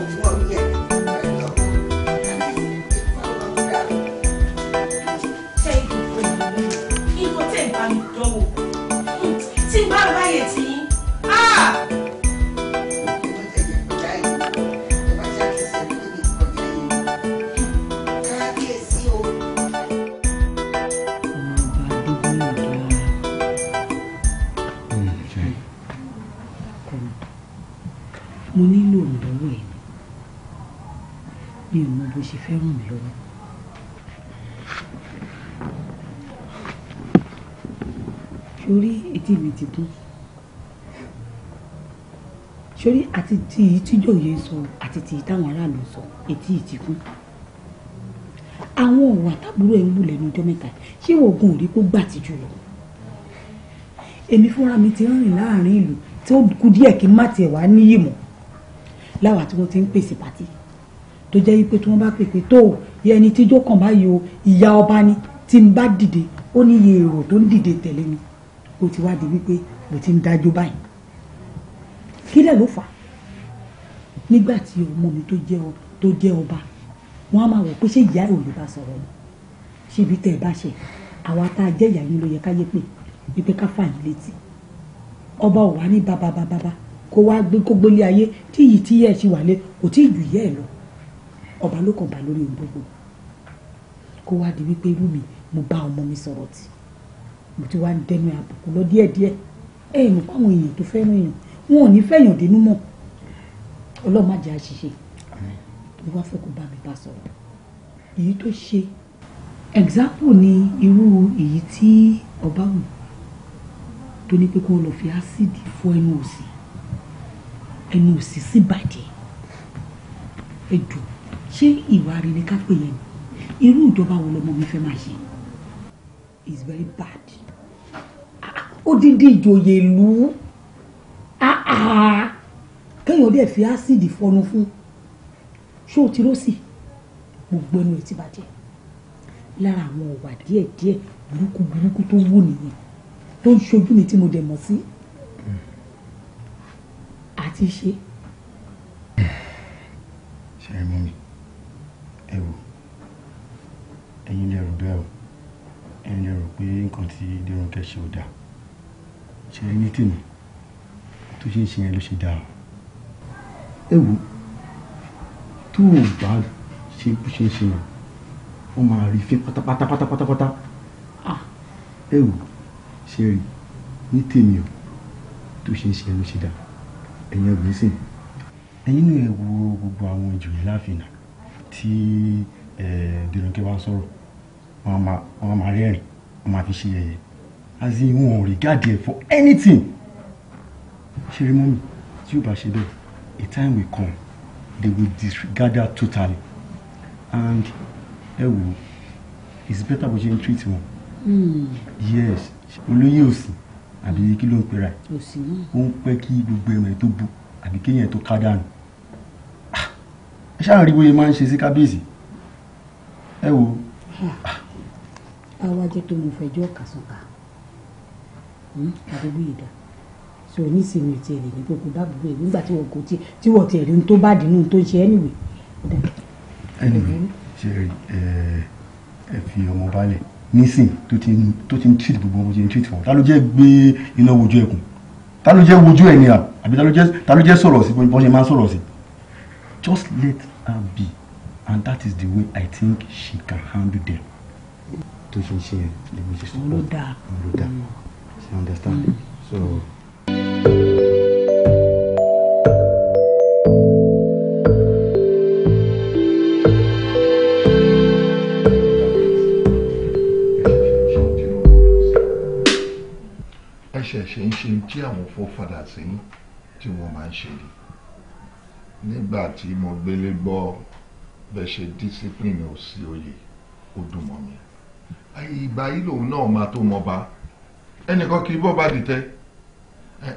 ló ṣe fẹ́ ràn mí lọ́wọ́. sórí etí mi ti dún sórí àti ti yìí tíjòyè sọ àti ti yìí táwọn aráàlú sọ etí yìí ti kún àwọn ọ̀rọ̀ àtàbúrò ẹ̀ ń wù lẹ́nu ọjọ́ mẹ́ta ṣé oògùn ò rí kó gbà tí jù lọ èmi fúnra mi ti rìn láàrin ìlú tí ó kù díẹ̀ kí n má tiẹ̀ wá níyì mọ́ láwa tí wọ́n ti ń pèsè pàtì tó jẹ́ wípé tí wọ́n bá pèpè tó o ẹni tíjó kàn báyìí o ìyá ọba ni tí n bá dìde ó ní iye èrò tó ń dìde tẹ̀lé mi ó ti wá di wípé mo ti ń dájú báyìí kílẹ̀ ló fà á nígbà tí ọmọ mi tó jẹ́ ọba wọn á máa wò pé ṣé ìyá ò bá sọ̀rọ̀ ni ṣébi tẹ́ ẹ bá ṣe àwa tá a jẹ́ ìyá yín ló yẹ ká yé pé wípé ká fà yín létí ọba ò wá ní bàbá bàbá kó wá gbé kó gbélé ayé tí yìí tí yẹ ẹ ṣì wà lé kò tí ì jù yẹ ẹ lọ ọba ló kàn bá lórí ohun gbogbo kó wá di wípé irú mi mo bá ọmọ mi sọ̀rọ̀ tì mo ti wá ń dẹnu àbùkù lọ díẹ̀díẹ̀ ẹ ẹ mọ̀ fáwọn èèyàn tó fẹ́ràn èèyàn wọn ò ní fẹ́yàn dínú mọ́ ọlọ́run má jẹ́ àṣìṣe mo wá fẹ́ kó bá mi bá sọ̀rọ̀ èyí tó ṣe example ni irú èyí tí ọba wù tó ní pé kó lọ fi ásíìdì fọ ẹnu òsì ẹnu òsì sí bàjẹ́ ẹ dùn ṣé ìwà rere ká pè yẹn irú ìjọba wo lọmọ mi fẹ́ máa ṣe is very bad odidi ìjòyè ìlú kéèyàn dẹ̀ fi ásìdì fọnu fún ṣé o ti rọ́ọ̀sì gbogbo ẹnu ẹ̀ ti bàjẹ́ lára àwọn ọ̀wà díẹ̀díẹ̀ burúkú burúkú tó wù nìyẹn tó ń ṣojú mi tí mo dẹ̀ mọ̀ sí àti ṣe. ṣe é mú mi ẹ wò ẹ̀yin lẹ rò bẹ́ẹ̀ o ẹ̀yin lẹ rò pé nǹkan tí Dẹ́rùnkẹ́ ṣe ò dáa ṣe rí ní tèmi tó ṣe ń ṣe yẹn ló ṣe dáa ẹ wò tó o bá ṣe bó ṣe ń ṣe yẹn ó máa rí fi pátápátá pátápátá ah! ẹ wò ṣe rí ní tèmi o tó ṣe ń ṣe yẹn ló ṣe dáa ẹ̀yin ọ̀gbìn sìn ẹ̀yin náà wo gbogbo àwọn ìjòyè láàfin náà tí dèròkè bá sọ̀rọ̀ wọn máa rẹ́rìn wọn máa fi ṣe yẹ̀yẹ́ as in wọn ò regard ẹ for anything ṣeré mọ́mí tí ó bá ṣe bẹ́ẹ̀ a time will come they will disregard that totally and ẹ wo it's better for you to treat wọn hmm. yes olóyè òsì àbí kí ló ń pera ẹ ó ń pẹ́ kí gbogbo ẹ̀mẹ̀ tó bu àbí kéèyàn tó ká dànù ṣáà rí bóyá máa ń ṣe sí kábíyèsí ẹ wo. awájọ tó mo fẹjọ́ kàṣọkà hmm, àdúgbò ìdá sọ nísìnyí tiẹ̀ lè ní gbogbo bá gbogbo ẹ̀ nígbà tí wọ́n kò tiẹ̀ tí wọ́n tiẹ̀ rí tó bá dínú tó ṣe ẹ́ nìwé. anyway ṣe ẹ fi ọmọ balẹ̀ nísìn tó ti ń treat gbogbo ọmọ tó ti ń treat wọn ta ló jẹ́ gbé iná wojú ẹkùn ta ló jẹ́ wojú ẹ̀ ni àbí ta ló jẹ́ sọ̀rọ̀ sí bọ́n ṣe máa sọ̀rọ̀ sí just let and B and that is the way I think she can handle them. tó ṣe ń ṣe yẹn lèmi ṣe sọ́kọ́ ló dáa ló dáa she understand mm. so. ẹ ṣẹ̀ṣẹ̀ ń ṣe tí àwọn forefathers yín tí wọ́n máa ń ṣe ni nígbà tí mo gbélé gbọ́ bẹ́ẹ̀ ṣe discipline ò sí oyè ó dùn mọ́ mi ìgbà yìí lòun náà máa tó mọba ẹnìkan kì í bọ́ bá dìtẹ́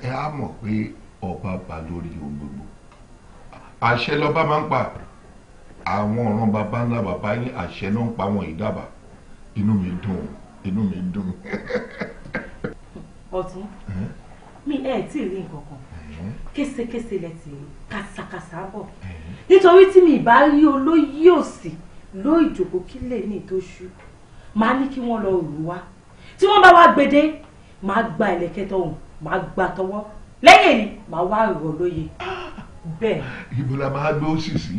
ẹ á mọ̀ pé ọba bá lórí ohun gbogbo àṣẹ lọba máa ń pa àwọn ọ̀ràn bàbá ńlá bàbá yín àṣẹ náà ń pa wọn ìdábà inú mi dùn inú mi dùn. ọ̀tún mi ẹ̀ tí ì rí nǹkan kan késekése lẹ ti rí kàsàkàsà bọ̀ nítorí tí mi ìbá rí olóyè òsì ló ìjòkó kílẹ̀ ní ìtòṣù máa ní kí wọ́n lọ rù wá tí wọ́n bá wá gbede máa gba ìlẹ̀kẹ̀ tọ̀hún máa gba tọwọ́ lẹ́yìn èyí máa wá rọ̀ lóye bẹ́ẹ̀. ibo la máa gbé òsì sí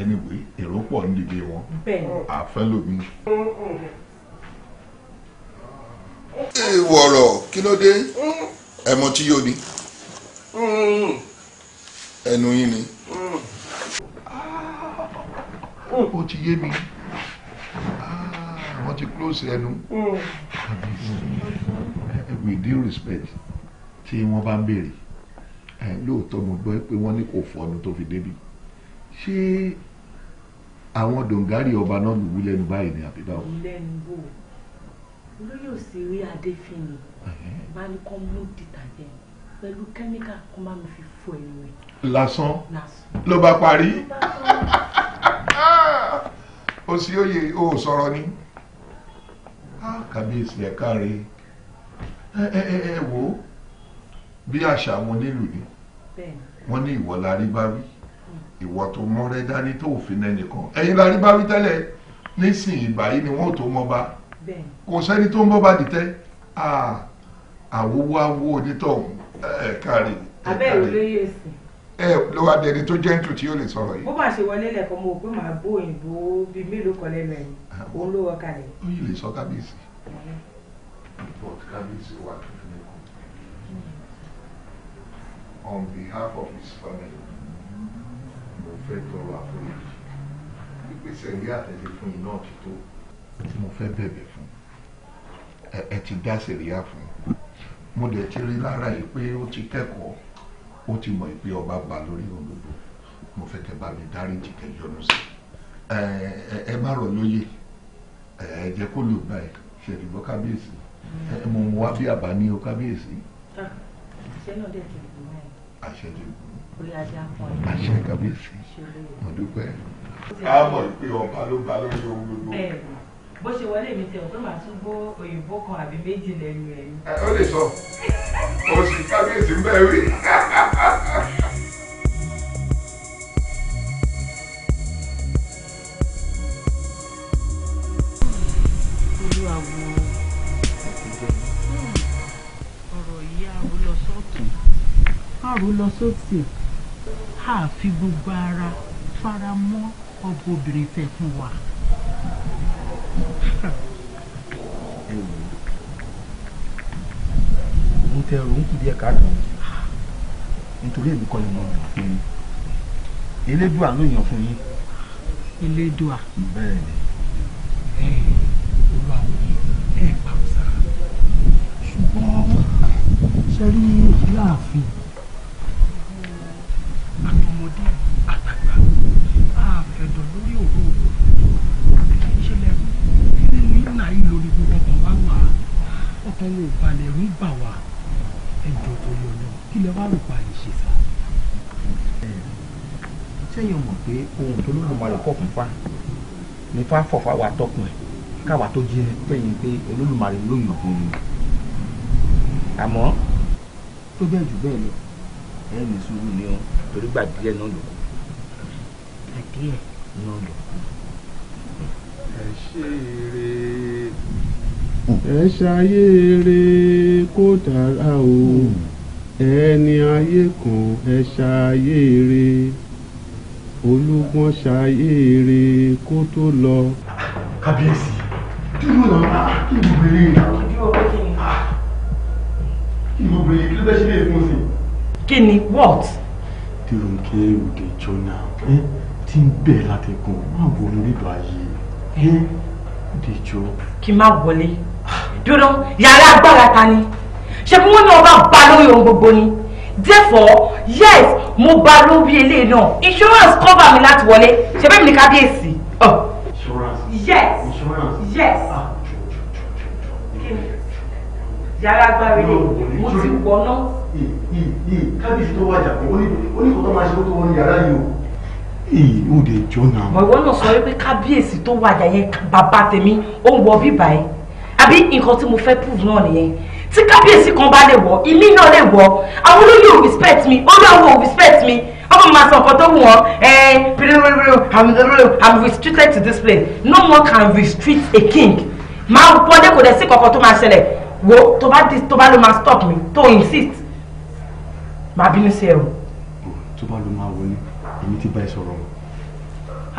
ẹniwé hmm. èrò pọ̀ ń dìde wọn àfẹ́ lómi. ìwọ̀rọ̀ kí ló dé hmm. ẹ̀mọ́ tí yóò ní ẹnu yín ni. ó ti yé mi ah, wọ́n ti close ẹnu eh, with due respect tí wọ́n bá ń béèrè eh, lóòótọ́ mo gbọ́ pé wọ́n ní kò fọ́nu tó fi débi ṣé àwọn dòǹgárì ọba náà lùwú lẹ́nu báyìí ni àbí báwo. lẹ́nu wò olóyè òsèré adéfínì eh. bá ní kọ́ mú dìtàjẹ́ pẹ̀lú kẹ́míkà kó má mi fi fọ ẹnu ẹ̀. lásán ló bá parí o sì òye o ò sọ̀rọ̀ ni kàbíyèsí ẹ̀ káre ẹ ẹ ẹ wò ó bí àṣà wọn nílùú ni wọ́n ní ìwọ la hmm. ìwọ tó mọ́rẹ́ dání tó òfin ẹnìkan ẹ̀yin la rí nísìnyí báyìí ni wọ́n tó mọba kò sẹ́ni tó ń bọba dìtẹ̀ àwòwò awo onítọ̀hún ẹ káàrí. abẹ́ olóyè èsì. ẹ ló wá dẹni tó jẹ́ǹtù tí yóò lè sọ̀rọ̀ yìí. bó bá ṣe wọlé lẹ́kọ̀ọ́ mo pé màá bó òyìnbó bíi mélòó kan lẹ́nu ẹ̀yìn òun ló wọ kalẹ̀. ó yìí lè sọ kábíyèsí. kábíyèsí wà tó fi lè on behalf of his family mo fẹ́ tọrọ àforíjì ìgbésẹ̀ ní àtẹ̀lé fún iná ti tó tí mo fẹ́ bẹ̀bẹ̀ fún ẹ ti dá sẹ̀ríà fún mo dẹ̀ ti rí lára yìí pé ó ti kẹ́kọ̀ọ́ ó ti mọ̀ pé ọba gbà lórí ohun gbogbo mo fẹ́ kẹ́ bá mi dáríjì kẹ́ sí ẹ má rọ̀ lóye ẹ jẹ́ kó lù gbà ẹ mụ kábíyèsí ẹ wá bí àbá ní o kábíyèsí. Ah, àṣẹ náà dẹ̀ ti mẹ́rin. àṣẹ ti àṣẹ ọba ló bó ṣe wọlé mi tẹ̀ ọ́ pé màá tún gbọ́ òyìnbó kan àbí méjì lẹ́nu ẹ̀ ni. ó lè sọ òsì kábíyèsí ń bẹ wí. àrùn hmm. lọ sósì àfi gbogbo ara fara mọ́ ọbọ̀bìnrin tẹ̀ fún wa. ń tẹ ẹrù ń kù díẹ̀ káàdì nítorí èmi kọ́ ni mo lò elédùà ló yàn fún yín. elédùà. bẹ́ẹ̀ ni. ṣùgbọ́n ṣe rí láàfin pé ohun tó lólùmarè kọ̀ fún fa ní fa fọ̀fà wà tọkùn ẹ̀ káwa tó jẹ pẹ̀yìn pé olólùmarè lóyún ọ̀hún àmọ́ tó bẹ́ẹ̀ jù bẹ́ẹ̀ lọ ẹ̀ ní sùúrù ni ó torí gbà díẹ̀ náà lò kù. àdíẹ̀ náà lò kù. ẹ ṣe eré ẹ ṣayé eré kó dára o hmm. ẹni ayé kan ẹ ṣayé eré olúgbọ́n ṣayéèrè kó tó lọ. kábíyèsí ah, dúró náà ah, kí n gbogbo eré rẹ. kí n gbogbo eré kí ló fẹ́ ṣe lè fún sí. kí ni what. dèròǹkè òde jọ́nà tí ń bẹ̀ látẹ̀kùn máa wo nílò ayé òde jọ. kí n má wọlé dúró yàrá agbára ta ni ṣé kí wọ́n ní ọba bá gbogbo ni therefore yes mo ba lórí eléyìí náà insurance cover mi láti wọlé ṣe bẹ́ẹ̀ mi ní kábíyèsí. Oh. insurance yes insurance yes. Ah. yàrá agbára ilé mo ti wọná. kábíyèsí tó wájà kó oníkó tó máa ṣe kó tó wọnú yàrá yìí o. Ee, o de jọ náà. Mọ̀ ìwọ náà sọ wípé kábíyèsí tó wájà yẹn bàbá tèmi ó ń wọ bíbá yẹn. Àbí nǹkan tí mo fẹ́ prove náà nìyẹn tí kábíyèsí kan bá lè wọ ilé náà lè wọ àwọn olóyè ò respect mi olóyè àwọn ò respect mi ọmọ máa sọ nǹkan tó wù wọn ẹn piriwiriwiri i'm i'm restricted to this place no one can restrict a king máa wọlé kò dẹ̀ sí kankan tó máa ṣẹlẹ̀ wo tó bá dis tó bá ló máa stop mi tó insist máa bínú sí ẹrù. tó bá ló máa wọlé èmi ti bá ẹ sọ̀rọ̀ o.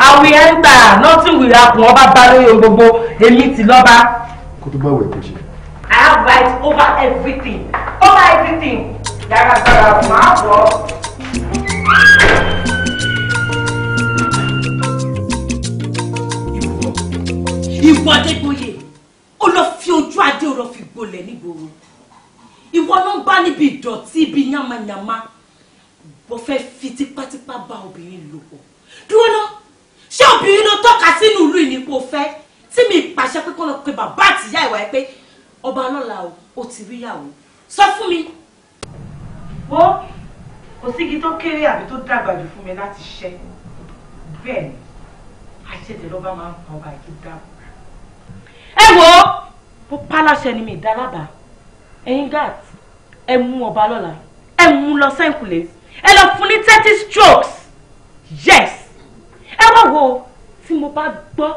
àwìn ẹ̀ ń gbà nothing will happen ọba bá lóye gbogbo èmi ti lọ́ba. kó tó bá wẹ̀ kó ṣe. I have rights over everything. Over everything. Yàrá gbàrà máa bọ̀. Ìwọ Adégbóyè, ó lọ fi ojú adé ó lọ fi gbolẹ̀ nígboro. Ìwọ ló ń bá níbi ìdọ̀tí ibi yánmayànmá. Wọ́n fẹ́ fi tipátipá bá obìnrin lò pọ̀. Dúró náà, ṣé obìnrin ló tọ́ka sínú ìlú ìnípo fẹ́? Tí mi pàṣẹ pé kọ́ lọ pe bàbá àtìyá ìwà ẹ pé ọba lọ́la o ó ti rí ìyàwó sọ fún mi. wo kò sígi tó kéré àbí tó dàgbà jù fún mi láti ṣẹ́ bẹ́ẹ̀ ni àṣẹjẹ lọ́ba máa ń pa ọba ètò dáàbò. ẹ wo bó pálásẹ ni mi ìdálábàá ẹ̀yin gat ẹ mú ọba lọ́la ẹ mú lọ sẹ́ǹkùlé ẹ lọ fún ní thirty strokes yes ẹ wá wo tí mo bá gbọ́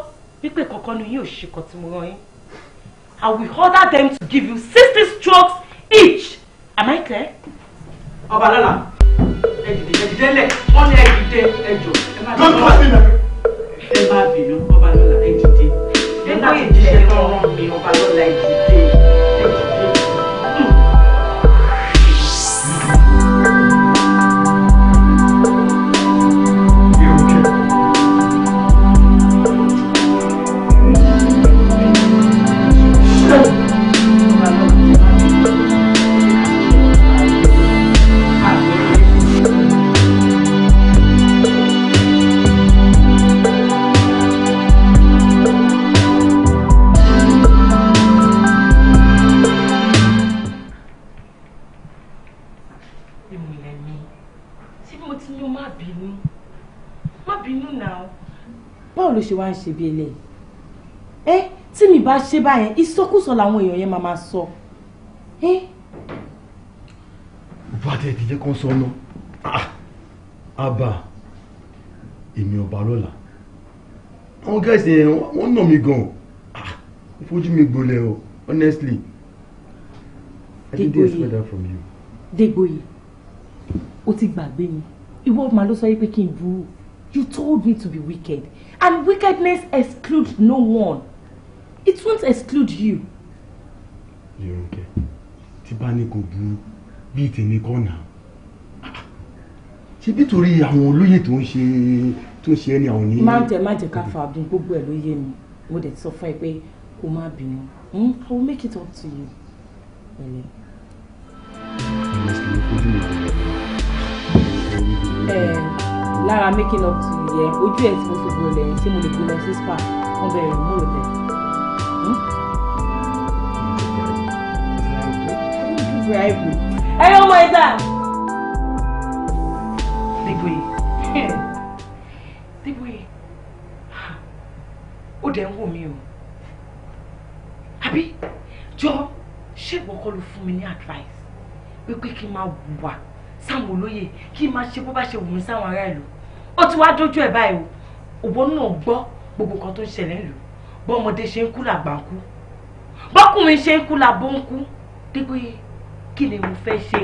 wípé kankan ni yóò ṣe kan tí mo rán yín I will order them to give you 60 strokes each. Am I clear? Ọba Lọ́la, ẹ dìde ẹ dìde lẹ̀, wọ́n ní ẹ dìde ẹ jò. Don't trust me, Mary. Ẹ má bínú, Ọba Lọ́la, ẹ dìde. Ẹ má ti jíṣẹ́ lọ́rùn mi, Ọba Lọ́la, ẹ dìde. ló ṣe wá ń ṣe bí eléyìí ẹ tí mi bá ṣe báyẹn ìsọkúsọ làwọn èèyàn yẹn máa máa sọ ẹ. bàtẹ ìdílé kan sọ náà ah, abba, èmi ọba lọ́la àwọn gẹ́sì yẹn wọ́n nà mí gan-an ah, ìfojú mi gbolẹ̀ o honestly i didn't expect that from you. Dégboyè o ti gbàgbé mi ìwọ ọmọ ló sọ yìí pé kí n burú you told me to be wicked And wickedness excludes no one. It won't exclude you. Yorùkẹ́, tí bá ní kò burú bíi tèmi kọ́ nà. Ṣé nítorí àwọn olóyè tó ń ṣe tó ń ṣe ẹni àwọn ní. Má jẹ má jẹ ká fa àbí gbogbo ẹ̀ ló yé mi. Mo dẹ̀ ti sọ fún ẹ pé kó má bínú. Hmm? I will make it up to you. Ẹ̀lẹ́. Ẹ̀ẹ́dẹ́gbẹ̀rún lára making up ti yẹ ojú ẹ̀ tí mo fi gbọ́lẹ̀ tí mo lè gbé lọ sí spa wọ́n bẹ̀rẹ̀ mú rẹ̀ bẹ̀. ẹ yọ ọmọ ìta. Débóyè Débóyè ó dẹ̀ ń wò mí o àbí jọ ṣé ìwọ kọ́ ló fún mi ní advice wípé kí n máa wà sáwọn olóyè kí n máa ṣe bó bá ṣe wù mí sáwọn ará ìlú ó ti wá dójú ẹ̀ báyìí o òbó náà gbọ́ gbogbo nǹkan tó ń ṣẹlẹ̀ ńlò bọ́mọdé ṣe ń kú làgbà ń kú bọ́kùnrin ṣe ń kú làbó ń kú dípò kí ni mo fẹ́ ṣe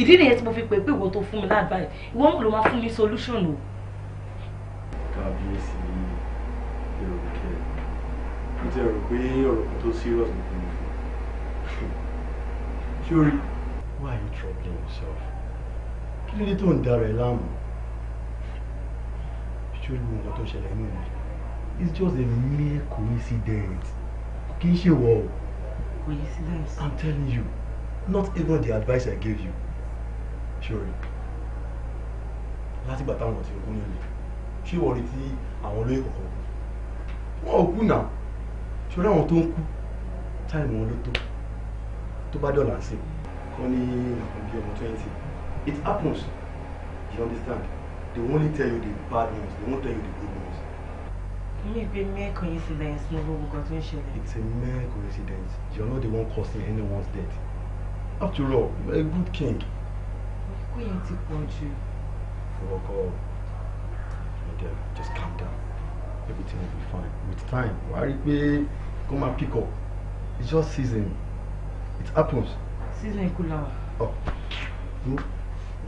ìdí nìyẹn tí mo fi pè pé ìwọ tó fún mi láàbáyé ìwọ ló máa fún mi solution o. kábíyèsí èrò kẹ mo ti rò pé ọ̀rọ̀ kan tó serious ni kò ní fún ṣé o rí why are you troubling yourself kí ló tó ń dara ẹ láàmú ṣé olú nǹkan tó ṣẹlẹ̀ nínú rẹ it's just a mere coincidence kì í ṣe wọ o. coincidence. i'm telling you not even the advice i gave you ṣori látìgbà táwọn ti kú nílé ṣé wọ́n rí tí àwọn olóyè kọ̀ọ̀kan kú wọn ò kú náà ṣori àwọn tó ń kú táìmù wọn ló tó tó bá dọ̀là ń sè kọ́ ní nǹkan bí ọmọ twenty. It happens. Do you understand? They only tell you the bad news. They won't tell you the good news. It's a mere coincidence. It's a mere coincidence. You're not the one causing anyone's death. After all, you're a good king. Queen ti pọ̀ jù. Fọwọ́kọ́ ọ̀dẹ̀ just calm down. Everything will be fine. With time, wàá rí Come and pick up. It's just season. It happens. Season kú lára. Ọ̀. Oh. Hmm?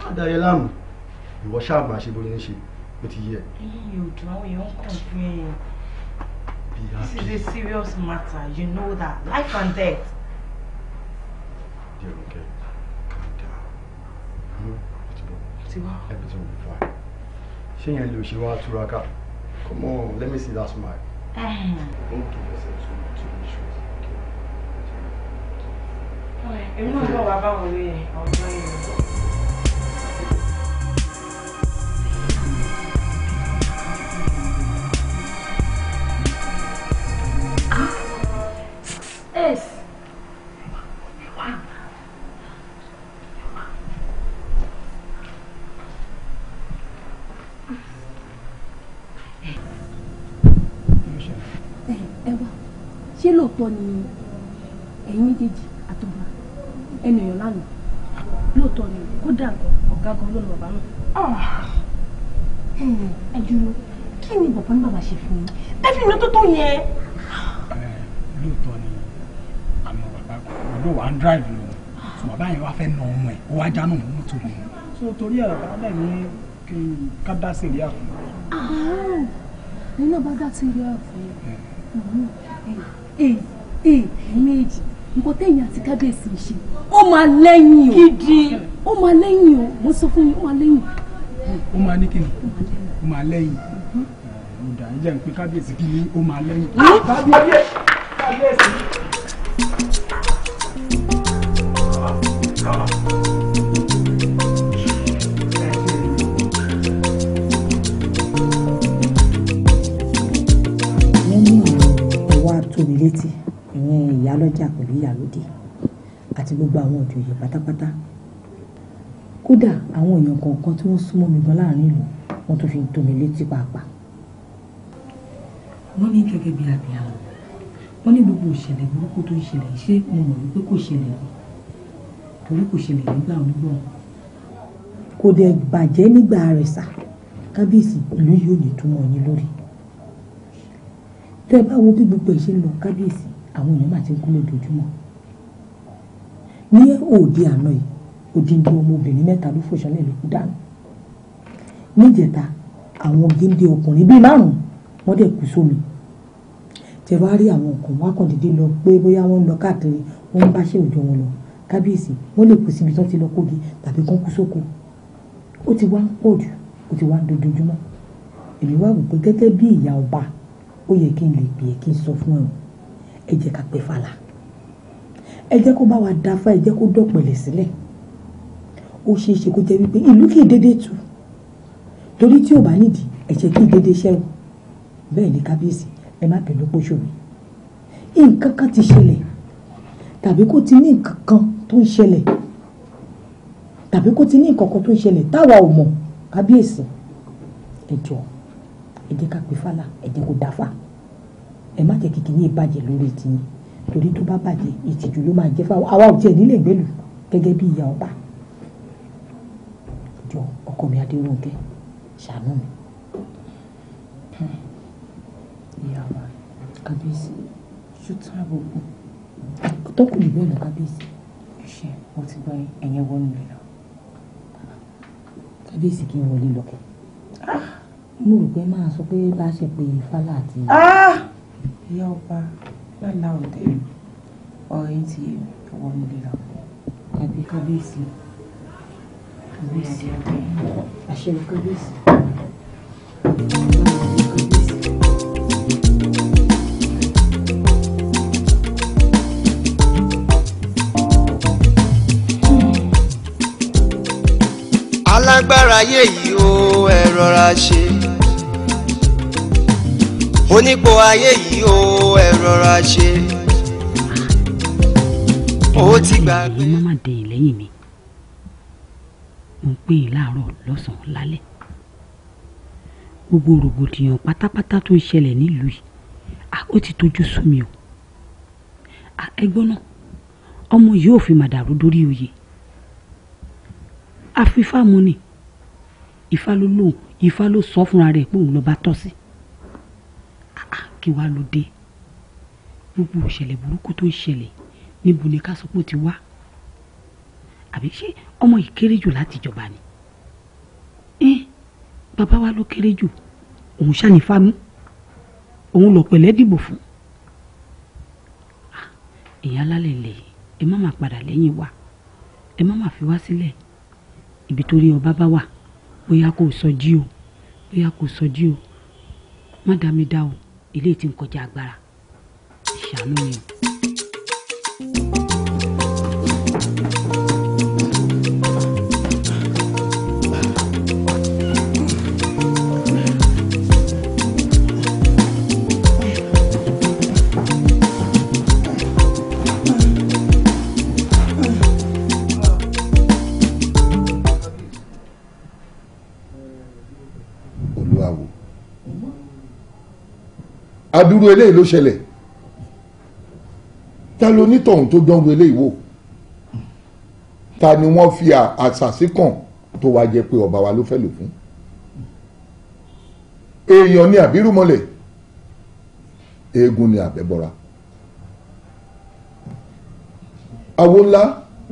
adarí láàmú ìwọ ṣáà ṣe bó ní ṣe bó ti yẹ. eléyìí ò dùn àwọn èèyàn ń this is a serious matter you know that life and death. dear okay calm down tiwa everything will be fine ṣé yẹn lè ṣe wá túraká come on let me see that smile. Mm. don't give yourself too much issues. èmi náà ń bọ̀ wá Yes. ẹ wá ṣé lóòótọ́ ni ẹ̀yin méjèèjì àtọ̀gbà ẹnìyàn lánàá lóòótọ́ ni kódà gan ọ̀gá gan ló lọ bàbá náà. Ah, ẹ dúró kí ni bàbá ní bàbá ṣe fún yín tẹ́fì mi tó tó yẹn. ló wà ń drive lọ so bàbá yẹn wá fẹ́ na ọmọ ẹ̀ ó wá jáná mọ́ mọ́tò mi. so torí ẹ̀ bàbá mi kí n ká dá sí ìyá fún mi. àárọ̀ ẹ̀yin náà bá dá sí ìyá fún mi. èyí èyí méjì nǹkan téèyàn àti kábíyèsí ń ṣe ó máa lẹ́yìn o gidi ó máa lẹ́yìn o mo sọ fún yín ó máa lẹ́yìn. ó máa ní kíni ó máa lẹ́yìn ó dà ẹ jẹ́ kábíyèsí kí ni ó máa lẹ́yìn. Ah, kábíyèsí kábíyèsí. létí ìyẹn ìyálọ́jà pẹ̀lú ìyálóde àti gbogbo àwọn òjòyè pátápátá kódà àwọn èèyàn kọ̀ọ̀kan tí wọ́n súnmọ́ mi gan láàrin ìlú wọ́n tún fi ń tó mi létí pàápàá. wọ́n ní gẹ́gẹ́ bí abiyamọ wọ́n ní gbogbo ìṣẹ̀lẹ̀ burúkú tó ń ṣẹlẹ̀ ṣé mo mọ̀ wípé kò ṣẹlẹ̀ rí torí kò ṣẹlẹ̀ nígbà onígbọ̀n. kò dẹ̀ bàjẹ́ nígbà rẹ̀ sà kábíyèsí ìlú yìí ò ní túmọ̀ yín lórí tẹ́ ẹ bá wo bí gbogbo ẹ̀ ṣe ń lọ kábíyèsí àwọn èèyàn máa ti ń kú lójoojúmọ́ ní òde àná yìí odindi ọmọbìnrin mẹ́ta ló fòṣánlẹ̀ ló kú dànù níjẹta àwọn géńdé ọkùnrin bíi márùn-ún wọ́n dẹ̀ kú sómi tẹ wá rí àwọn nǹkan wá kàn déédéé lọ pé bóyá wọ́n ń lọ káàkiri wọ́n ń bá ṣe òjò wọn lọ kábíyèsí wọ́n lè kú síbi tó ti lọ kógi tàbí kán kú sóko ó ti wá ń pọ̀ jù ó ti wá ń dojoojúmọ́ èmi wá wò pé gẹ́gẹ́ bí ìyá ọba ó yẹ kí n lè pè é kí n sọ fún ẹ o ẹ jẹ́ ká pẹ́ fàlà ẹ jẹ́ kó bá wa dáfá ẹ jẹ́ kó dọ̀pẹ̀lẹ̀ sílẹ̀ ó ṣeé ṣe kó jẹ́ wípé ìlú kì í dédé tu torí tí ò bá nídìí ẹ̀jẹ̀ kì í dédé ṣẹ́wó bẹ́ẹ̀ ni kábíyèsí ẹ má bẹ̀rù pósò mi nǹkan kan ti ṣẹlẹ̀ tàbí kó ti ní nǹkan kan tó ń ṣẹlẹ̀ tàbí kó ti ní nǹkan kan tó ń ṣẹlẹ̀ táwa ò mọ̀ kábíyèsí ẹ jọ̀ọ́ ẹ jẹ́ ká pè fàlà ẹ jẹ́ kó dáfá ẹ má jẹ́ kìkì yín bàjẹ́ lórí ti yín torí tó bá bàjẹ́ ìtìjú ló máa jẹ́ fáwọn àwa ò tiẹ̀ nílé ìgbélú gẹ́gẹ́ bí ìyá ọba jọ ọkọ mi adérónkẹ́ ṣàánú mi. Hmm. ìyá wa kábíyèsí ṣùtà gbogbo. tọkùnrin bẹ́ẹ̀ lọ kábíyèsí. ṣe wọ́n ti gbọ́ ẹ̀yẹ wọ́n mi lọ. kábíyèsí kí n wọlé lọ. Ah! mo rò pé máa sọ pé bá a ṣe pé fálà àti. Ah! ìyá ọba lálá ọ̀dẹ ọ̀rẹ́ ti ẹ̀wọ̀ nílera tàbí kábíyèsí kábíyèsí àṣẹ kábíyèsí. alágbára ayé yìí ẹ rọra ṣe onípò ayé yìí o ẹ rọra ṣe ó ti gbà. ẹ̀yin má má dẹ̀yìn lẹ́yìn mi mo ń pè é láàárọ̀ lọ́sàn-án lálẹ́ gbogbo rògbòdìyàn pátápátá tó ń ṣẹlẹ̀ nílùú yìí ó ti tójú sú mi o ẹgbọ́n náà ọmọ yìí ò fi màdàrú dórí oyè àfifá mu ni ìfá ló lóun ìfá ló sọ fúnra rẹ̀ pé òun lọ́ba tọ́ sí kí wàá ló dé gbogbo ìṣẹ̀lẹ̀ burúkú tó ń ṣẹlẹ̀ níbo ni ká sọ pé ó ti wá àbí ṣé ọmọ yìí kéré jù láti jọba ni ẹ bàbá wa ló kéré jù òun ṣàní fámú òun lọ pẹ̀lẹ́ dìbò fún ìyá ah, alálẹ̀ lẹ̀ ẹ má má padà lẹ́yìn wa ẹ má má fi wá sílẹ̀ ibi tó rí ọba bá wà bóyá kò sọ jí o bóyá kò sọ jí o má dá mi dá o ilé tí ń kọjá agbára ṣàánú mi o. adúrú eléyìí ló ṣẹlẹ̀ ta ló nítọ̀hún tó dánwó eléyìí wò ta ni wọ́n fi àṣàṣì kàn tó wá jẹ́ pé ọba wa ló fẹ́ lò fún èèyàn ni àbírùmọ̀lẹ̀ eégún ni àbẹ́bọra àwo ńlá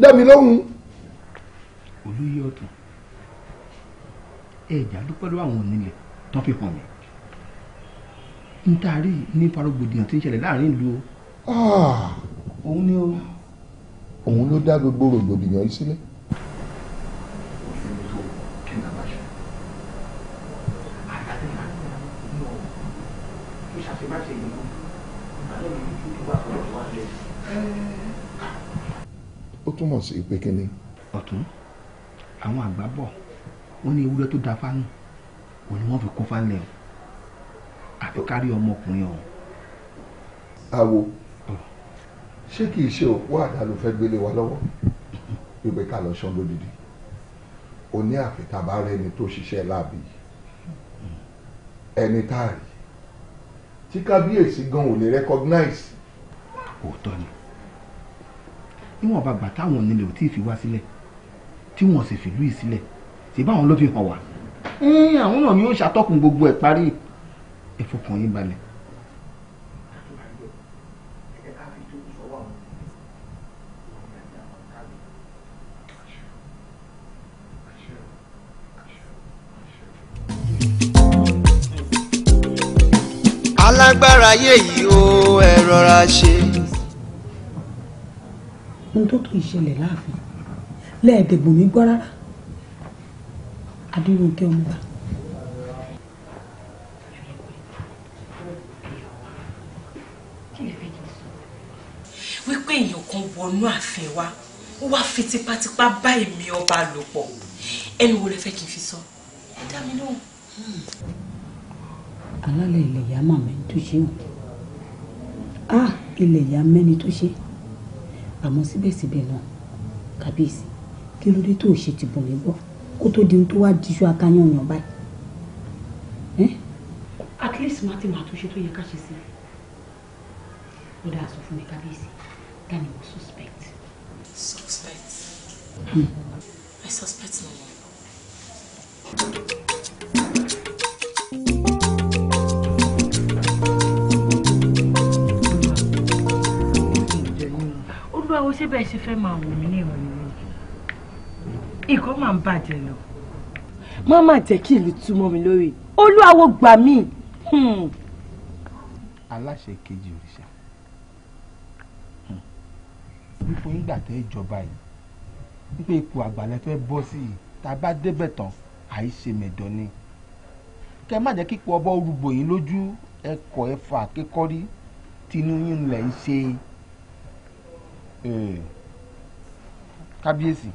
dẹ́mi lọ́hùn. olóyè ọ̀tún àwọn onílẹ̀ tán fi hàn mí n taari ní farogbòdìyàn tí ń ṣẹlẹ̀ láàrin ìlú o. Ah. òun ni o. òun ló dá gbogbo rògbòdìyàn yìí sílẹ̀. ó túmọ̀ sí pé kínní. ọ̀tún àwọn àgbà bọ̀ wọ́n ní ewúrẹ́ tó da fánú òun ni wọ́n fi kó fánú ẹ̀ o àfi kárí ọmọkùnrin ọ̀hún. àwo ṣé kì í ṣe òkú àdá ló fẹ́ gbélé wa lọ́wọ́ wípé ká lọ ṣan lódìdí o ní àfitàbá rẹ ẹni tó ṣiṣẹ́ láàbì ẹni tá a rí tí kábíyèsí gan ò lè recognize. òótọ́ ni níwọ̀n bàgbà táwọn nílẹ̀ ò tí ì fi wá sílẹ̀ tí wọ́n sì fìlú yìí sílẹ̀ ṣèbáwọn ló fi hàn wá. àwọn náà ni ó ń ṣàtọ́kùn gbogbo ẹ̀ parí ẹ fọkàn yín balẹ̀. alágbára ayé yìí ó ẹ rọra ṣe. ohun tó kì í ṣẹlẹ̀ láàfin lẹ́ẹ̀dẹ̀gbọ̀n mi gbọ́ ọmọba wọnú ààfin wa ó wá fi tipátipá bá èmi ọba lò pọ̀ ẹnu wo lẹ fẹ́ kí n fi sọ ẹ dá mi lóhùn. alálẹ̀ ilẹ̀ ìyá màmá ẹni tó ṣe o a ah, ilẹ̀ ìyá mẹ́ni tó ṣe àmọ́ síbẹ̀síbẹ̀ náà kábíyèsí kí ló dé tó ṣe ti bọ̀ mí gbọ́ kó tó di ohun tó wá diṣu akáyànyàn báyìí. at least má ti máa tó ṣe tó yẹ ká ṣe sí i ó dáa sọ fún mi kábíyèsí. Then you will suspect. Suspect? Hmm. I suspect no one. Olúwa wo ṣé bẹ́ẹ̀ ṣe fẹ́ máa wò mí ní ìrọ̀lẹ́ yìí? Ìgò máa ń bàjẹ́ lọ. Má má jẹ́ kí ìlú tú mi lórí. Olúwa wo gbà mí. Hmm. Aláṣẹ kejì òrìṣà wípé ńgbà tẹ́ ìjọba yìí wípé ipò àgbàlẹ̀ fẹ́ bọ́ sí i tá a bá débẹ̀ tán àìṣe mẹ̀dọ̀ ni kẹ má jẹ́ kíkọ ọbọ̀ rúgbò yín lójú ẹkọ̀ ẹ̀fà akékọ́rí tinú yín lẹ̀ ń ṣe kábíyèsí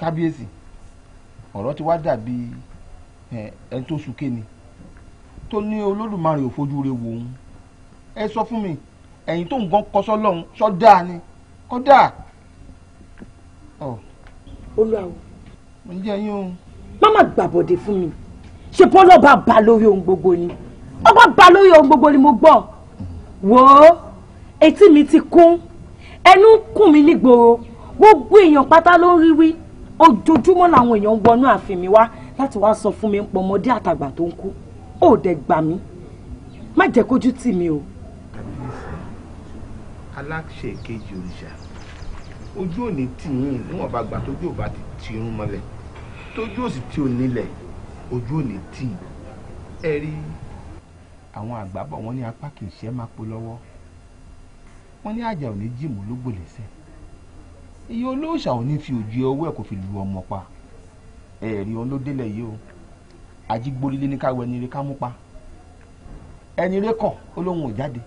kábíyèsí ọ̀rọ̀ ti wá dàbí ẹni tó sunké ni tó ní olódùmarè ò fojú rẹ̀ wò ó ẹ sọ fún mi ẹ̀yin tó ń gan kọ́ sọ́lọ́run ni kódà ọ. olùwàwọ. mo ń yín o. má má gbàbọ̀dé fún mi ṣe bọ́lá ọba bá lórí ohun gbogbo ni ọba bá lórí ohun gbogbo ni mo gbọ́ wò ó etí mi ti kún ẹnu ń kùn mí nígboro gbogbo èèyàn pátá ló ń rí wí ojoojúmọ́ làwọn èèyàn ń wọnú ààfin mi wá láti wá sọ fún mi ń pọ̀ ọmọdé àtàgbà tó ń kú ó dẹ̀ gbà mí má jẹ́ kójú tì mí o aláṣẹ kejì òrìṣà ojú òní tì yín níwọ̀n bá gbà tójú ò bá ti ti irun mọ́lẹ̀ tójú òsì tí ò nílẹ̀ ojú òní tì ẹ rí àwọn àgbà bọ̀ wọ́n ní apá kì í ṣe máa po lọ́wọ́ wọ́n ní àjà òní jìmù ló gbòlẹ́sẹ̀ iye olóòṣà òní fi òjì ọwọ́ ẹ̀ kò fi lu ọmọ pa ẹ̀rí òun ló délẹ̀ yìí o àjígbórílé ní káwọ ẹni rẹ ká mú pa ẹni rẹ kàn ó lóun ò jáde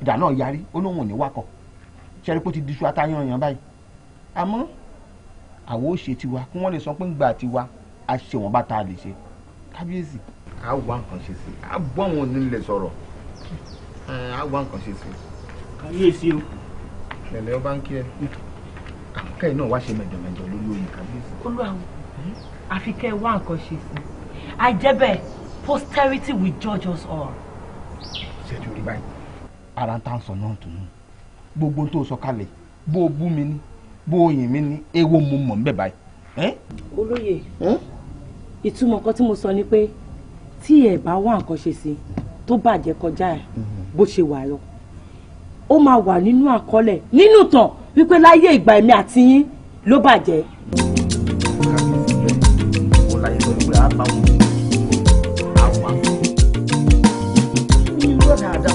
ìdá náà yarí ó lóun ò ní wakọ̀ ṣẹ́rí pé ó ti diṣu atáyán yan báyìí àmọ́ àwo ó ṣe tiwa kí wọ́n lè sọ pé ń gbà tiwa a ṣe wọn bá tá a lè ṣe kábíyèsí. a wá nǹkan ṣe sí a bọ́ àwọn onílẹ̀ sọ̀rọ̀ a wá nǹkan ṣe sí. kábíyèsí o. lẹ̀lẹ́ ọba ń kí ẹ àwọn kẹ́yìn náà wá ṣe mẹ̀jọ̀mẹ̀jọ̀ lórí oyè kábíyèsí. olúwa àfi kẹ́ ẹ wá nǹkan ṣe sí àìjẹ́bẹ̀ posterity will judge us all. ṣé ti rí báyìí ara ń tà ń sọ náà tó nù gbogbo tó sọ kalẹ̀ bó o bú mi ní bó o yìn mí ní ewo mo mọ̀ ń bẹ̀ báyìí. olóye ìtumọ̀ kan tí mo sọ ni pé tí ẹ̀ bá wá nǹkan ṣe sí tó bàjẹ́ kọjá ẹ̀ mhm. bó ṣe wà lọ ó máa wà nínú àkọọ́lẹ̀ nínú tàn wípé láyé ìgbà èmi àti yín ló bàjẹ́. dáadáa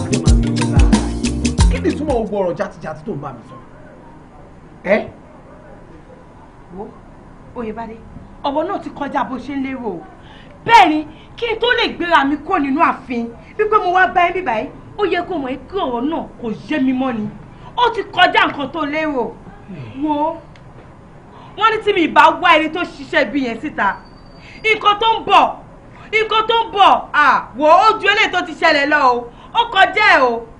gbọ́ gbogbo ọ̀rọ̀ játijàti tó ń bá mi sọ ẹ́. wo oyèbádé ọ̀rọ̀ náà ti kọjá bó ṣe ń lérò o bẹ́ẹ̀ ni kí n tó lè gbéra mi kúrò nínú ààfin wípé mo wá bá ẹ́ bíbá yìí ó yẹ kó mọ̀ pé ọ̀rọ̀ náà kò yé mi mọ́ ni ó ti kọjá nǹkan tó lérò wo wọ́n ní tí mi bá wá ẹni tó ṣiṣẹ́ bí yẹn síta nǹkan tó ń bọ̀ nǹkan tó ń bọ̀ àwọ̀ ojú eléyìí tó ti ṣẹlẹ̀ lọ o ó kọjá ẹ̀ o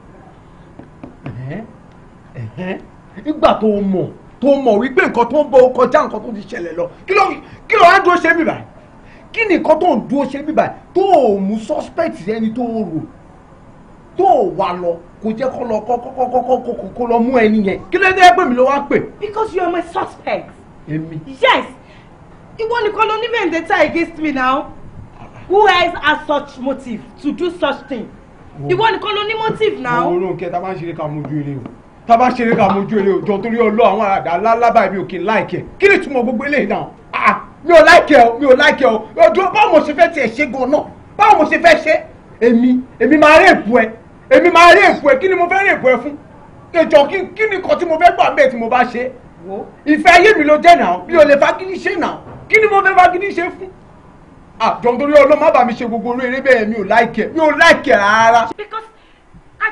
nígbà tó mọ̀ tó mọ̀ wípé nǹkan tó ń bọ̀ kọjá nǹkan tó ti ṣẹlẹ̀ lọ kí ló wá dúró ṣe mí báyìí kí ni tó ń dúró ṣe mí báyìí tó o mú suspect ẹni tó rò tó wà lọ kò jẹ́ kó lọ kó lọ mú ẹni yẹn kí ló dé pè mí ló wá pè. because you are my suspect. èmi. yes ìwọ nìkan ló ní vendetta against me now who else has such motive to do such thing ìwọ nìkan ló ní motive now. mo ronú kẹta bá ń ṣe é ká mojú ilé o tábà ṣeré ká mojú eré òjò torí ọlọ́ àwọn àdá lálábà mi ò kì kí ni túmọ̀ gbogbo eléyìí náà ah, ah, mi ò láìkẹ́ o mi ò láìkẹ́ o ọjọ́ báwo mo ṣe fẹ́ tiẹ̀ ṣe gan náà báwo mo ṣe fẹ́ ṣe èmi èmi máa rí èbú ẹ èmi máa rí èbú ẹ kí ni mo fẹ́ rí èbú ẹ fún ìjọ kí ni kan tí mo fẹ́ gbà bẹ́ẹ̀ tí mo bá ṣe ìfẹ́ ayé mi ló jẹ́ náà mi ò lè fagídí ṣe náà kí ni mo fẹ́ fagídí ṣe fún àjọ ah, torí ọlọ́ má bàa mi ṣe gbogbo orí eré bẹ́ẹ̀ mi ò láìkẹ́ mi ò láìkẹ́ rárá. because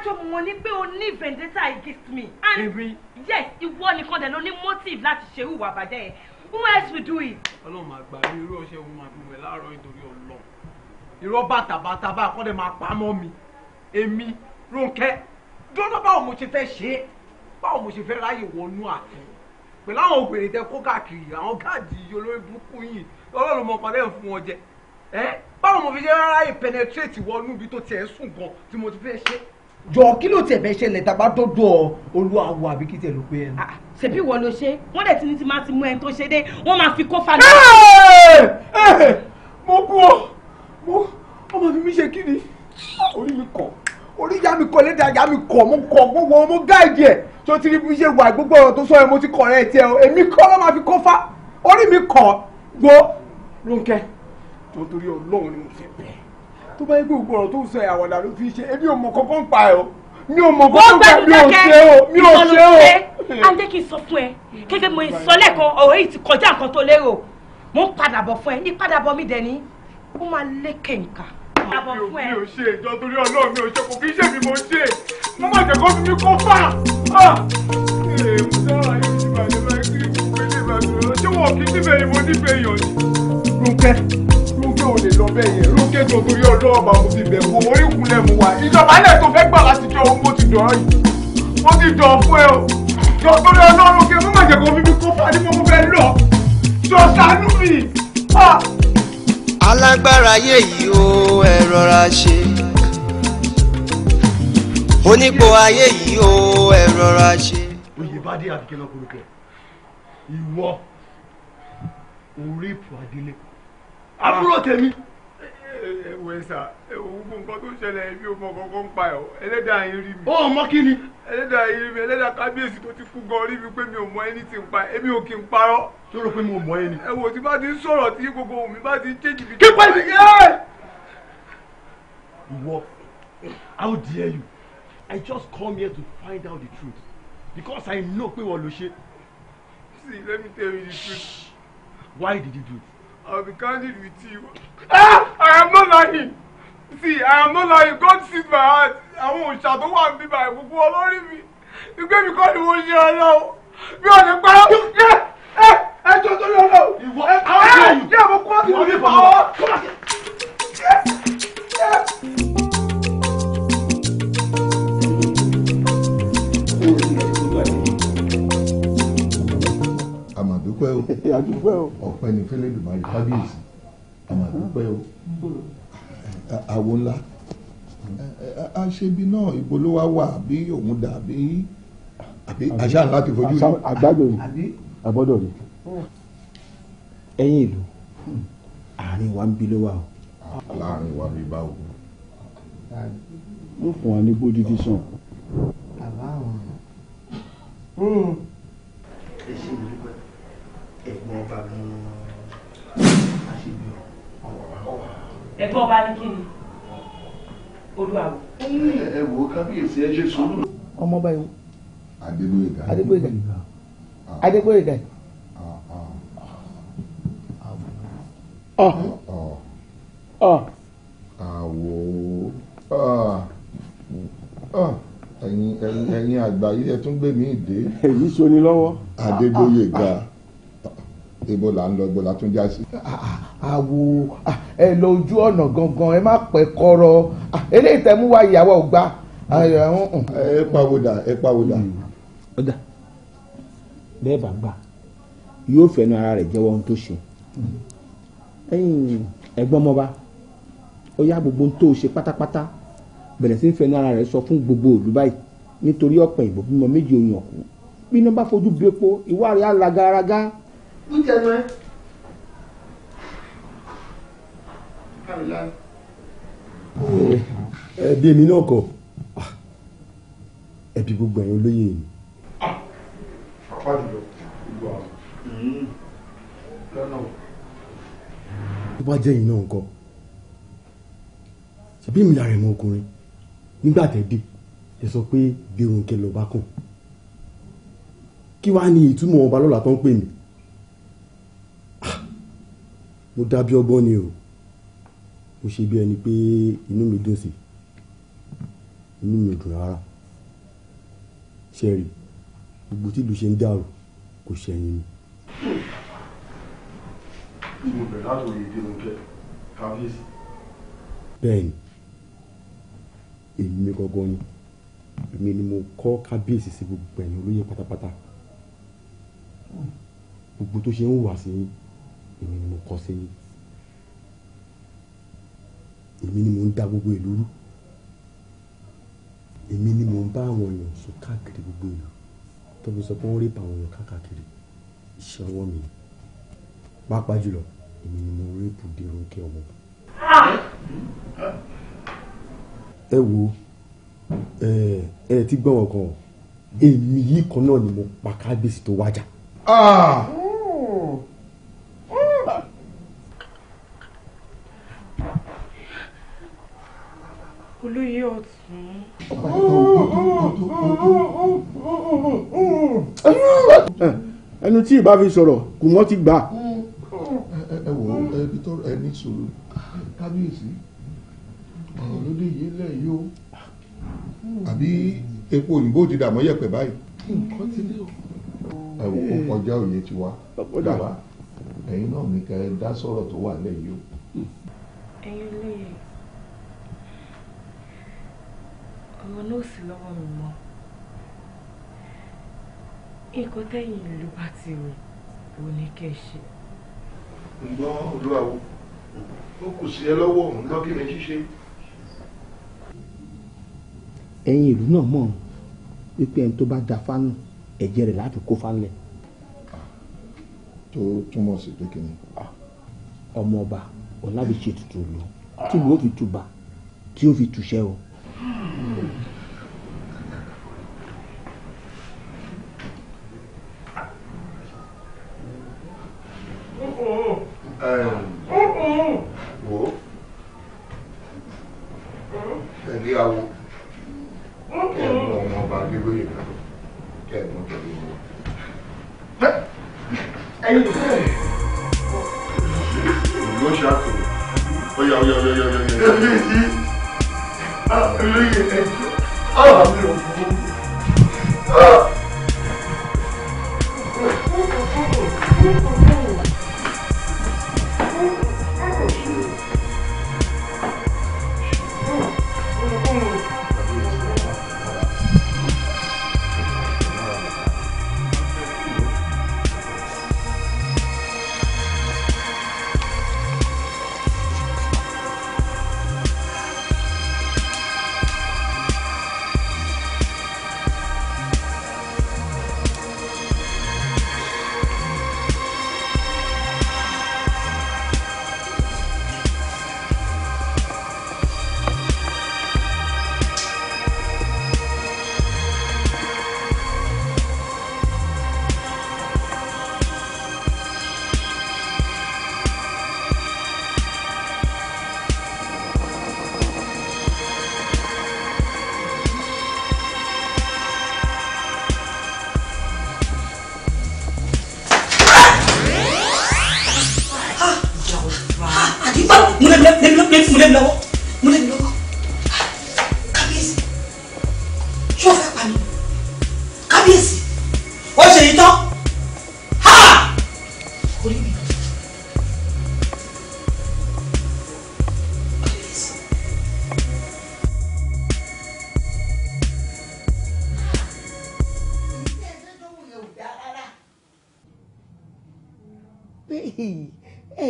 kájọ mọ̀ ní pé o ní vendetta against me. and Every... yes ìwọ nìkan dẹ̀ ló ní motive láti ṣe ìwà àbàjẹ́ yẹn who else will do it. ọlọ́run máa gbà mí irú ọṣẹ òun máa fi wẹ̀ láàárọ̀ nítorí ọlọ́run irọ́ bàtàbàtà bá àkọ́dẹ̀ máa pa mọ́ mi èmi Rónkẹ́ dọ́dọ́ báwo mo ṣe fẹ́ ṣe é báwo mo ṣe fẹ́ ráyè wọnú ààfin pẹ̀lú àwọn ògbèrè tẹ kó káàkiri àwọn gáàdì olórí burúkú yìí ọlọ́run mọ̀ padà fún wọn jẹ ẹ báwo mo fi ṣe ráyè penetrate wọnú ibi tó tiẹ̀ sùn gan tí mo ti fẹ́ ṣe é jọ kí ló tẹ̀ bẹ́ẹ̀ ṣẹlẹ̀ tàbá dọ́dọ̀ olúwawo àbí kí tẹ̀ ló pé ẹnu. Ah, ṣèbí wọ ló ṣe wọn dẹ̀ ti ní ti máa ti mú ẹni tó ṣe dé wọn máa fi kó fagbe. mo kú ọ mo ọmọ mi mi ṣe kí ni orí mi kọ orí ìyá mi kọ lédè àyà mi kọ mo kọ gbogbo mo gáàdì ẹ tó ti rí bí ṣe wà gbogbo ọ̀rọ̀ tó sọ ẹ mo ti kọ̀ rẹ̀ tiẹ̀ o èmi kọ́ ló máa fi kó fa orí mi kọ gbó Rónkẹ́ tó Ọlọ́run ni mo fẹ́ bẹ́ẹ̀ tó bá yẹ pé òkú tó sọ àwàdà ló fi ṣe ebi ò mọ kọ́kọ́ ń pa ẹ̀ o mi ò mọ kọ́kọ́ ń pa mi ò ṣe o mi ò ṣe o. adé kì í sọ fún ẹ gẹ́gẹ́ mo sọ lẹ́ẹ̀kan yìí ti kọjá nǹkan tó lérò mo ń padà bọ̀ fún ẹ ní padà bọ̀ mi dẹ̀ ní ó máa lé kẹ̀ǹkà mi ò ṣe ìjọ torí ọlọ́run mi ò ṣe kò kí ṣe mi mo ṣe mo má jẹ́ kó fi mi kó fà ah! ṣé wọn kì í níbẹ̀ ni mo níbẹ̀ yọ̀ ni pé o lè lọ bẹ́ẹ̀ yẹn lókè tó torí ọdún ọba mo ti bẹ̀rù orí ìkúnlẹ̀ mu ìjọba ilẹ̀ tó fẹ́ gbà láti jọ ohun mo ti dọ̀ yìí mo ti dọ̀ fún ẹ o jọ torí ọlọ́run òkè mo máa jẹ́ kó fífi kó fà mo fẹ́ lọ jọ ṣàánú mi. alágbára ayé yìí ó ẹ rọra ṣe onípò ayé yìí ó ẹ rọra ṣe. oyè bá dé àbíkẹ́ lọ́kùnrin kẹ ìwọ orí ìpò adélé àbúrò tèmi. ẹwọ ẹsà gbogbo nǹkan tó ṣẹlẹ̀ ibi ò mọ kankan ń pa ẹ̀ ẹlẹ́dàá yín rí mi. ó mọ kí ni. ẹlẹ́dàá yín rí mi ẹlẹ́dàá kábíyèsí tó ti kú gan rí mi pé mi ò mọ ẹni tí ń pa èmi ò kí ń parọ́. tó rò pé mo mọ ẹni. ẹ wò tí bá ti ń sọ̀rọ̀ tí gbogbo mi bá ti ń chéjì bí. kíkọ́ ìdí yẹ́. ìwọ how dare you I just come here to find out the truth because I know pé wọ́n ló ṣe. see let me tell you the truth. why did you do it? I'll be candid with you. Ah! I am not lying. See, I am not lying. God sees my heart. Àwọn òòṣà tó wà ń bí báyìí gbogbo olórí mi. Ìgbé mi kọ́ ni mo ṣe ọlọ́ o. Mi ò ní parọ́. Yẹ Yeah, ẹ jọ torí ọlọ́ o. Ìwọ ẹ Yeah, ọ́ yẹ mo kọ́ ọ́ sí ìwọ nípa ọ́. Kò rí ẹ̀ tó lọ. àdúpẹ́ o àdúpẹ́ [laughs] o ọpẹ́ ní fẹlẹdùmarè kábíyèsí àmọ́ àdúpẹ́ o àwo ńlá aṣebi náà ibo ló wá wà bí òun dà bí àṣà ńlá ti fojú rí. àgbàdo yìí àbọ̀dọ̀ mi ẹ̀yìn ìlú àárín wa ń bí ló wà o. láàrin wa bí báwo. wọ́n fún wa ní gbójú tí sàn. bàbá àwọn. èsì hmm ẹ̀gbọ́n ọba gan-an àṣebí ọ̀wà. ẹ̀gbọ́n ọba ní kí ni olúwàwọ̀. ẹ wò ó kábíyèsí ẹ ṣe sùúrù. ọmọ ọba ìwọ. adégbòyègà adégbòyègà ah, ah. adégbòyègà. ọ̀ ah, ọ̀ àwọ̀ ẹ̀yin àgbà yìí ẹ tún gbé mi dé. èyí sọ ni lọ́wọ́. Ah ibo là ń lọ ibo là tún já sí. Ah, ah, ah, àwo ẹ lọ ojú ọ̀nà gangan ẹ má pẹ́ kọ́rọ̀ eléyìí tẹ́ mú wá ìyàwó ọgbà. ẹ pawódà ẹ pawódà. ọ̀dà hmm. bẹ́ẹ̀ bá gbà yóò fẹ́nu ara rẹ̀ jẹ́wọ́ ohun tó ṣe ẹ̀gbọ́n ọmọba ó yá gbogbo ohun tó ṣe pátápátá bẹ̀rẹ̀ sí fẹ́nu ara rẹ̀ sọ fún gbogbo òlú báyìí nítorí ọ̀pẹ̀ ìbò bímọ méjì oyin ọ̀kú bí iná bá fojú bí epo ìwà rẹ̀ á lagaraga. Look at me. Ẹbí èmi náà kọ̀, ah, ẹbí gbogbo ẹ̀yin olóyè mi. Ah, hmm. Tó bá jẹ́ ẹ̀yin náà ń kọ́, ṣebí mi lára ẹ̀mọ ọkùnrin nígbà tẹ́ dé ẹ sọ pé Gbéronkẹ́ lọ́ba kàn. Kí wàá ní ìtumọ̀ ọba lọ́la tó ń pè mí? mo dábí ọgbọ́n ni o mo ṣe bí ẹni pé inú mi dùn sí inú mi ò dùn rárá ṣẹ́rì gbogbo tí ìlú ṣe ń dàrú kò ṣẹ̀yìn mi. bẹ́ẹ̀ni èyí mi gangan ni èmi ni mo kọ́ kábíyèsí sí gbogbo ẹ̀yìn olóyè pátápátá gbogbo tó ṣe ń wà sí yín èmi ni mo kọ́ sẹ́yìn èmi ni mo ń da gbogbo ìlú rú èmi ni mo ń bá àwọn èèyàn sùn káàkiri gbogbo ìlú tó fi sọ pé wọ́n rí pa àwọn èèyàn káàkiri iṣẹ́ ọwọ́ mi pàápàá jùlọ èmi ni mo rí ibùdó Rónkẹ́ ọmọ. ẹ wo ẹ ẹ ti gbọ́ wọn kan èmi yìí kan náà ni mo pa kábíyèsí tó wájà. Ah! olóyè ọ̀tún. ẹnu tí ìbá fi sọ̀rọ̀ kù wọ́n ti gbà. ẹ wò ó ẹbí tó ẹ ní sùúrù kábíyèsí ọ̀rọ̀ lóde yìí lẹ̀ yóò àbí epo òyìnbó ti dààmú yẹ̀pẹ̀ báyìí. nǹkan ti lé o. ẹ wò ó kọjá òye tiwa ẹ̀yin náà ní ká ẹ dá sọ̀rọ̀ tó wà lẹ́yìn o. lọ́wọ́ mi mọ́ nǹkan tẹ́yìn ìlú bá ti rìn ò ní kẹ́ ẹ ṣe. ǹgbọ́n olúwawo ó kù sí ẹ lọ́wọ́ òun lọ́kìnrin ṣíṣe. ẹ̀yin ìlú náà mọ̀ wípé ẹni tó bá da fánù ẹ̀jẹ̀ rẹ̀ láti kó fánlẹ̀. tó túmọ̀ sí pé kìnnì. ọmọọba ọlábìṣe tuntun lò tí ìlú ó fi tuba tí ó fi túṣẹ́ o.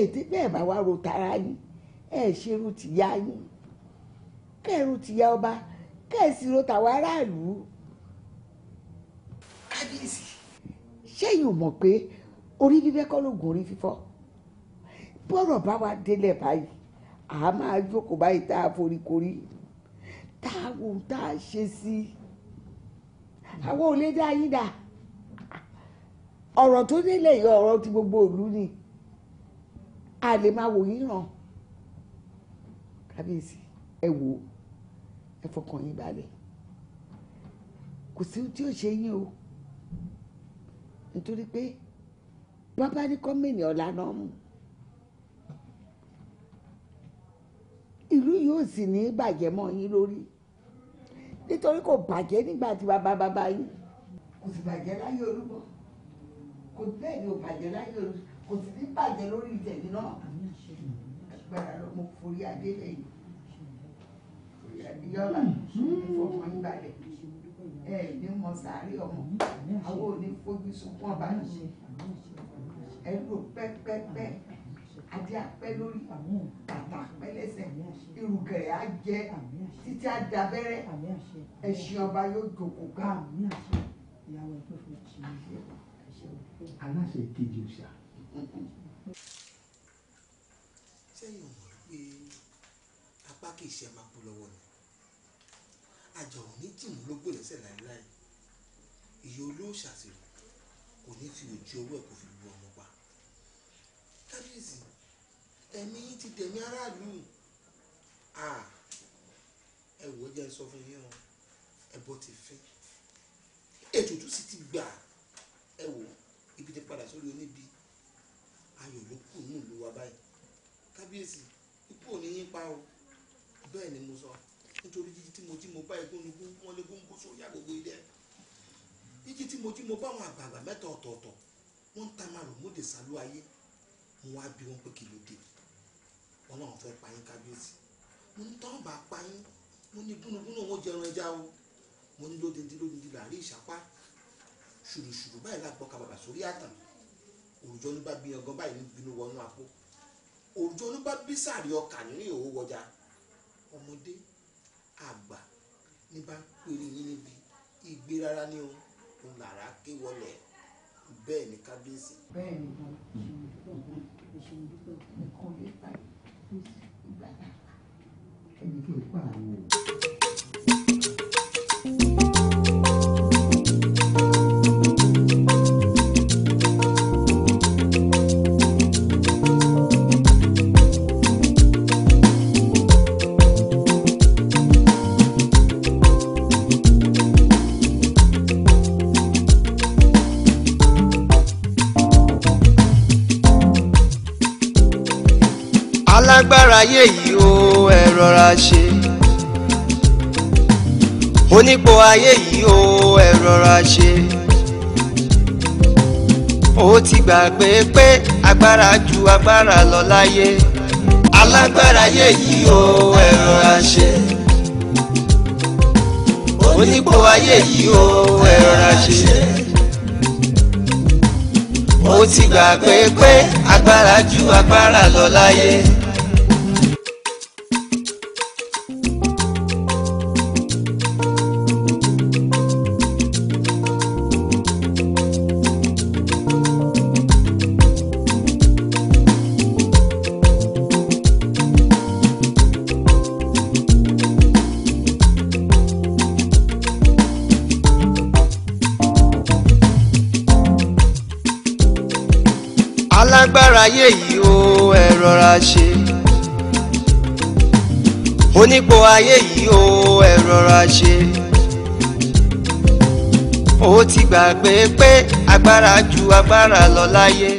ẹ̀ tí bẹ́ẹ̀ bá wá ro tara yín ẹ̀ ṣerú tìyá yín kẹ́ẹ̀rù tìyá ọba kẹ́ẹ̀sì ro tàwa aráàlú. kábíyèsí ṣẹ́yìn ò mọ̀ pé orí bíbẹ́ kọ́ lóògùn orí fífọ́ bọ́rọ̀ bá wa délẹ̀ báyìí à máa jókòó báyìí tá a forí korí tá a wò tá a ṣe sí i àwọn ò lè dá yín dà ọ̀rọ̀ tó délẹ̀ yìí ọ̀rọ̀ ti gbogbo ìlú ni a lè máa wò yín ràn kábíyèsí ẹ wò ó ẹ fọkàn yín balẹ̀ kò sí tí ó ṣe yín o nítorí pé bàbá ní kọ́mìnì ọ̀la náà mú ìlú yóò sì ní bàjẹ́ mọ́ yín lórí nítorí kò bàjẹ́ nígbà tí bàbá bàbá yín kò sì bàjẹ́ láyé olúmọ kò bẹ́ẹ̀ ni ò bàjẹ́ láyé olúmọ kò sì ní bàjẹ́ lórí ìtẹ̀lé náà agbára lọ mo forí adé lẹ́yìn forí adé yọ̀lá ìfọkàn yín balẹ̀ ẹ ní mọ sàárè ọmọ àwọn ò ní fojú sunkún ọba nìyẹn ẹ lò pẹ́pẹ́pẹ́ adé apẹ́ lórí bàtà apẹ́ lẹ́sẹ̀ irùgẹ̀rẹ̀ á jẹ títí á dabẹ́rẹ́ ẹṣin ọba yóò jókòó ká. aláṣẹ kejì òṣà sẹ́yìn ọ̀mọ̀ pé apá kì í ṣe máa kú lọ́wọ́ ni àjọ òní tìmú ló gbòòrò ẹsẹ̀ láéláé ìyá olóòṣà sì rò kò ní fi ojú owó ẹ̀ kò fi lu ọmọ pa kábíyèsí ẹ̀mí yín ti tẹ̀mí aráàlú ẹ wò ó jẹ́ sọ fún yín o ẹbọ ti fín ètùtù sì ti gbà ẹ wò ibi ti padà sórí oníbi ayọ̀ ló kù ní ìlú wa báyìí kábíyèsí ikú ò ní yín pa o bẹ́ẹ̀ ni mo sọ nítorí jíjí tí mo jí mo bá igun nugún wọn ní góńgó sóyà gbogbo idẹ jíjí tí mo jí mo bá àwọn àgbààgbà mẹ́ta ọ̀tọ̀ọ̀tọ̀ wọ́n ń ta márùn múdè sálú ayé mo wá bí wọn pé kí ló dé wọn náà fẹ́ pa yín kábíyèsí mo ní tọ́wọ́n bá pa yín mo ní gúnugún náà wọ́n jẹran ẹja o mo ní lódindi lódindi làárí ìsapá ṣùrùṣùrù báyìí lágbọ́ kábàbà sórí àtàn òòjọ́ ló bá bí ọgán báyìí ní bínú wọnú apó òòjọ́ ló bá bí sàrí ọkà nínú ìhòòhò wọjà ọmọdé àgbà ní bá ń pèrè yín níbi ìgbé rárá ní òun òun làrá ké wọlé bẹ́ẹ̀ ni kábíyèsí. bẹ́ẹ̀ ni mo ṣe ń dúpẹ́ ẹ̀kọ́ mi báyìí ìgbà náà ẹni tó kọ́ àwọn òun. aráyé yìí ó ẹ rọra ṣe onípò ayé yìí ó ẹ rọra ṣe ó ti gbàgbé pé agbára ju agbára lọ láyé alágbára ayé yìí ó ẹ rọra ṣe onípò ayé yìí ó ẹ rọra ṣe ó ti gbàgbé pé agbára ju agbára lọ láyé. ṣe onípò ayé yìí ó ẹ rọra ṣe ó ti gbàgbé pé agbára ju agbára lọ láyé.